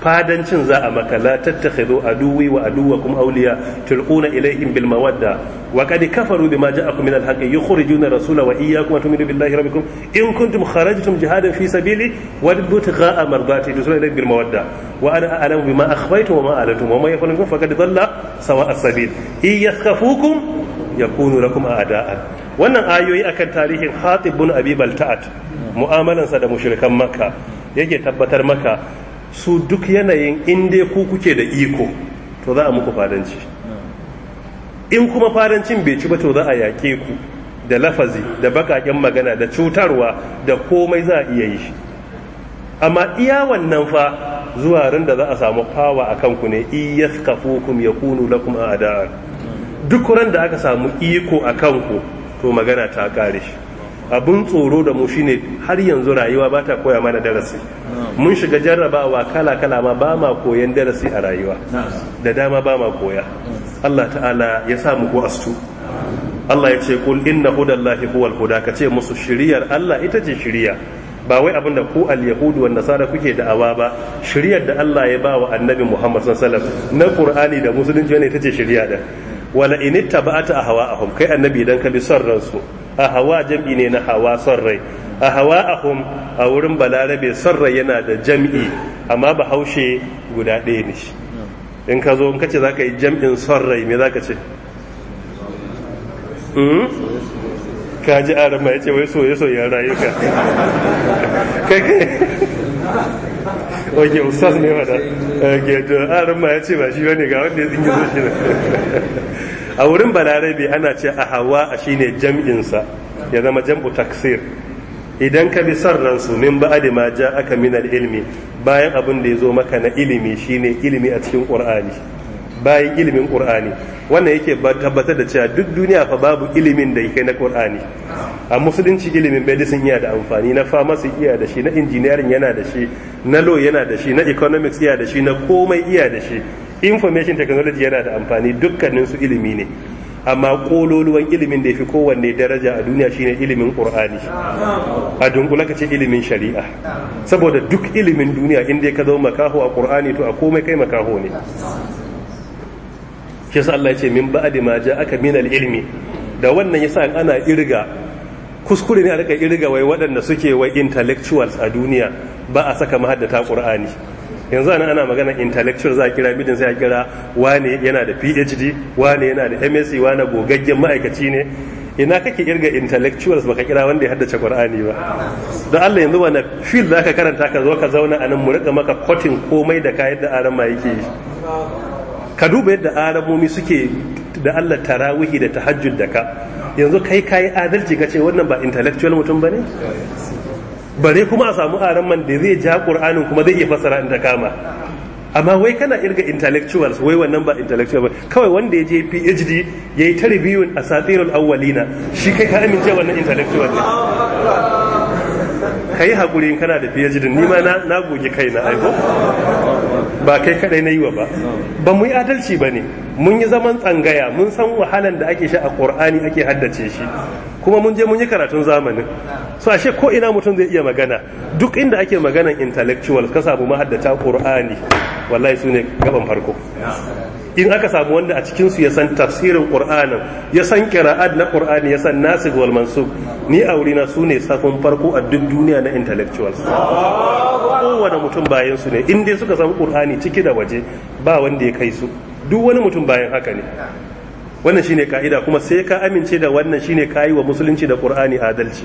fadancin za a maka la tattakhidhu aduwi wa aduwakum awliya tulquna ilayhim bil mawadda wa qad kafaru bima ja'akum min al haqqi yukhrijuna rasula wa iyyakum wa tu'minu billahi rabbikum in kuntum kharajtum jihadan fi sabili wa ibtigha'a mardati tusuna ilayhim bil mawadda wa ana a'lamu bima akhfaytum wa ma alatum wa ma yafalukum faqad dhalla sawa as sabil in yaskhafukum yakunu lakum a'da'an wannan ayoyi akan tarihin Hatib bin Abi Balta'at mu'amalansa da mushrikan Makka yake tabbatar maka su duk yanayin inda ku kuke da iko to za a muku fadanci in kuma fadancin bai ci ba to za a yaƙe ku da lafazi da baƙaƙen magana da cutarwa da komai za a iya yi amma iya wannan fa zuwa ran da za a samu fawa a kanku ne iya ya da kuma a da'ar duk ran da aka samu iko a kanku to magana ta kare shi abun tsoro da mu shine har yanzu rayuwa ba ta koya mana darasi mun shiga jarrabawa kala kala ma ba ma koyan darasi a rayuwa da dama ba ma koya Allah ta'ala ya sa mu ko astu Allah ya ce kul inna hudallahi huwal huda ka ce musu shiriyar Allah ita ce shiriya ba wai abin da ku al-yahudu wa nasara kuke da awa ba shiriyar da Allah ya ba wa annabi Muhammad sallallahu alaihi wasallam na Qur'ani da musulunci ne ita ce shiriya da wala initta ba'ata ahum kai annabi idan ka bi son ransu hawa jam'i ne na hawa son rai ahum a wurin balarabe son rai yana da jam'i amma bahaushe guda ɗaya ne shi in ka zo in kace zaka yi jam'in son rai me zaka ce hmm? ka ji aran ma yace wai soye soyen rayuka kai kai oke ustaz ne wada ke to aran ma ce ba shi wani ga wanda ya tsinge zo shi a wurin balarabe ana ce a hawa a shine jam'insa ya zama jam'u taksir idan ka bi son ransu min ba ma ja aka minar ilmi bayan abin da ya zo maka na ilimi shine ilimi a cikin ƙur'ani bayan ilimin ƙur'ani wannan yake tabbatar da cewa duk duniya fa babu ilimin da yake na Kur'ani. a musulunci ilimin medicine yana da amfani na pharmacy iya da shi na engineering yana da shi na law yana da shi na economics iya da shi na komai iya da shi information technology yana da amfani dukkanin su ilimi ne amma kololuwan ilimin da ya fi kowanne daraja a duniya shine ilimin qur'ani a dunkula ka ce ilimin shari'a saboda duk ilimin duniya in inda ka zo makaho a qur'ani to a komai kai makaho ne shi yasa Allah ya ce min ba'di ma ja'aka min al-ilmi da wannan yasa ana irga kuskure ne a rika irga wai waɗanda suke wai intellectuals a duniya ba a saka mahaddata qur'ani yanzu ana ana magana intellectual za a kira midin sai a kira wane yana da phd wane yana da msc wane gogaggen ma'aikaci ne ina kake kirga intellectuals baka kira wanda ya haddace qur'ani ba don Allah yanzu wani fil zaka ka karanta ka zo ka zauna a nan mu rika maka kotin komai da kayan da arama yake ka duba yadda aramomi suke da Allah tarawihi da tahajjud da ka yanzu kai kayi adalci ka ce wannan ba intellectual mutum bane bare kuma a samu aran da zai ja qur'anin kuma zai iya fassara inda kama amma wai kana irga intellectuals wai wannan ba intellectual ba kawai wanda ya je PhD yayi ta a asatirul awwalina shi kai ka amince wannan intellectual ne kai hakuri kana da PhD ni ma na goge kaina ai ko ba kai kadai na yi wa ba ba mu yi adalci ba ne mun yi zaman tsangaya mun san wahalan da ake sha a qur'ani ake haddace shi kuma mun je mun yi karatun zamanin so ashe ko ina mutum zai iya magana duk inda ake maganan intellectual ka samu mahaddata qur'ani wallahi su gaban farko in aka samu wanda a cikin su ya san tafsirin qur'ani ya san qira'at na qur'ani ya san nasikh wal mansub ni na su ne safin farko a duk duniya na intellectuals kowane mutum bayan su ne in dai suka san qur'ani ciki da waje ba wanda ya kai su duk wani mutum bayan haka ne wannan shine ka'ida kuma sai ka amince da wannan shine kayi wa musulunci da qur'ani adalci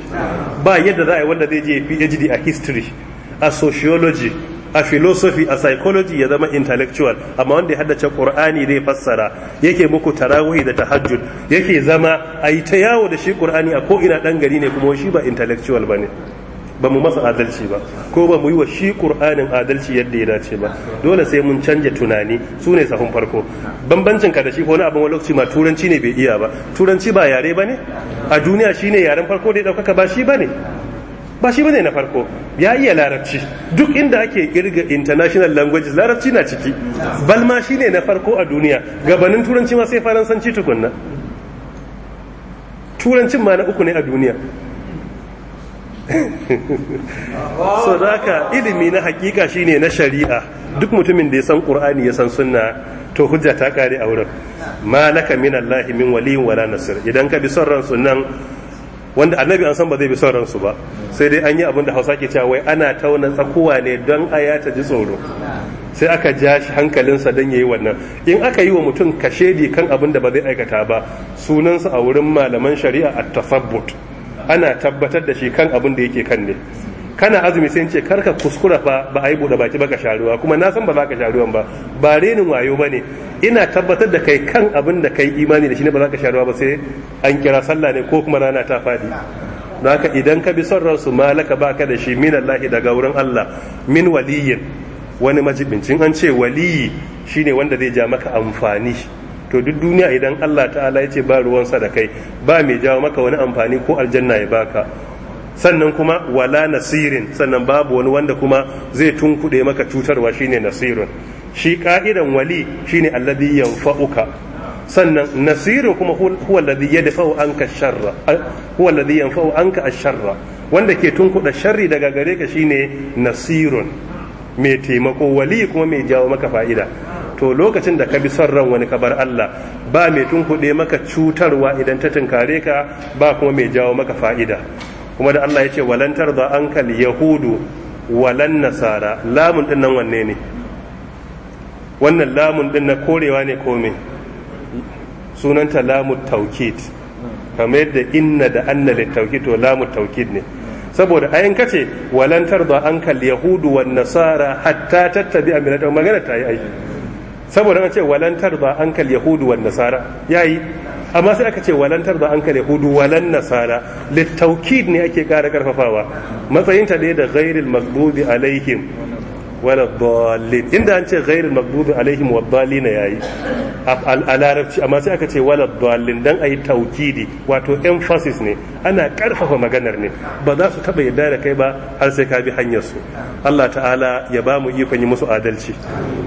ba yadda za a yi wanda zai je PhD a history a sociology a philosophy a psychology ya zama intellectual amma wanda ya haddace qur'ani zai fassara yake muku tarawih da tahajjud yake zama a yi ta yawo da shi qur'ani a ko ina dan gari ne kuma shi ba intellectual bane ba mu masa adalci ba ko ba mu yi wa shi kur'anin adalci yadda ya dace ba dole sai mun canja tunani su ne sahun farko bambancin ka da shi ko wani abin wani lokaci ma turanci ne bai iya ba turanci ba yare ba ne a duniya shi ne yaren farko da ya ɗaukaka ba shi ba ne ba shi bane na farko ya iya larabci duk inda ake kirga international languages larabci na ciki balma ne na farko a duniya gabanin turanci ma sai faransanci tukunna turancin ma na uku ne a duniya so da ilimi na hakika shine na shari'a duk mutumin da ya san qur'ani ya san sunna to hujja ta kare a wurin malaka min Allah min waliyin wala nasir idan ka bi son ransu nan wanda annabi an san ba zai bi son ransu ba sai dai an yi abin da Hausa ke cewa wai ana tauna tsakuwa ne don aya ta ji tsoro sai aka ja shi hankalinsa don yayi wannan in aka yi wa mutum kashedi kan abin da ba zai aikata ba sunansa a wurin malaman shari'a at-tasabbut ana tabbatar da shi kan abin da yake kan ne kana azumi sai ce karka kuskura fa ba a yi buɗe baki ba ka sharuwa kuma na san ba za ka sharuwan ba ba renin wayo ba ne ina tabbatar da kai kan abin da kai imani da shi ne ba za ka sharuwa ba sai an kira sallah ne ko kuma rana ta faɗi haka idan ka bi son ransu malaka baka da shi min daga wurin Allah min waliyin wani majibincin an ce waliyi shine wanda zai ja maka amfani to duk duniya idan Allah ta'ala ya ce ba ruwan sadakai ba mai jawo maka wani amfani ko aljanna ya baka sannan kuma wala nasirin sannan babu wani wanda kuma zai tunkuɗe maka cutarwa shine nasirun shi ka'idan wali shine alladhi yanfa'uka sannan nasiru kuma huwa alladhi yadfa'u anka sharra eh, huwa alladhi yanfa'u anka asharra wanda ke tunkuɗa sharri daga gare ka shine nasirun mai taimako wali kuma mai jawo maka fa'ida to lokacin da ka bi son ran wani ka bar Allah ba mai tunkuɗe maka cutarwa idan ta tunkare ka ba kuma mai jawo maka fa'ida kuma da Allah ya ce walantar da kal yahudu walan nasara lamun ɗin nan wanne ne wannan lamun ɗin na korewa ne kome sunanta lamun taukid kamar yadda inna da anna taukit to lamun taukid ne saboda a yin kace walantar da kal yahudu wan nasara hatta tattabi a aminata magana ta yi aiki saboda an ce walantar da ankal yahudu wa nasara yayi amma sai aka ce walantar da ankal yahudu lan nasara littaukid ne ake ƙara karfafawa matsayinta ta da ghairil maghdubi alaihim wala dalil inda an ce ghairul maghdubi alaihim na yayi a larabci amma sai aka ce wala dallin dan ayi taukidi wato emphasis ne ana karfafa maganar ne ba za su taba yadda da kai ba har sai ka bi hanyar su Allah ta'ala ya ba mu ikon yi musu adalci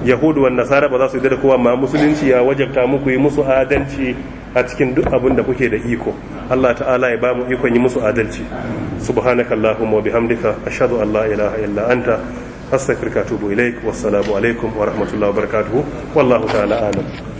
yahudu wan nasara ba za su yadda da kowa ma musulunci ya wajabta muku yi musu adalci a cikin duk abin da kuke da iko Allah ta'ala ya ba mu ikon yi musu adalci subhanakallahumma wa bihamdika ashhadu an la ilaha illa anta astaghfiruka wa atubu ilaik wassalamu alaikum wa rahmatullahi wa wallahu ta'ala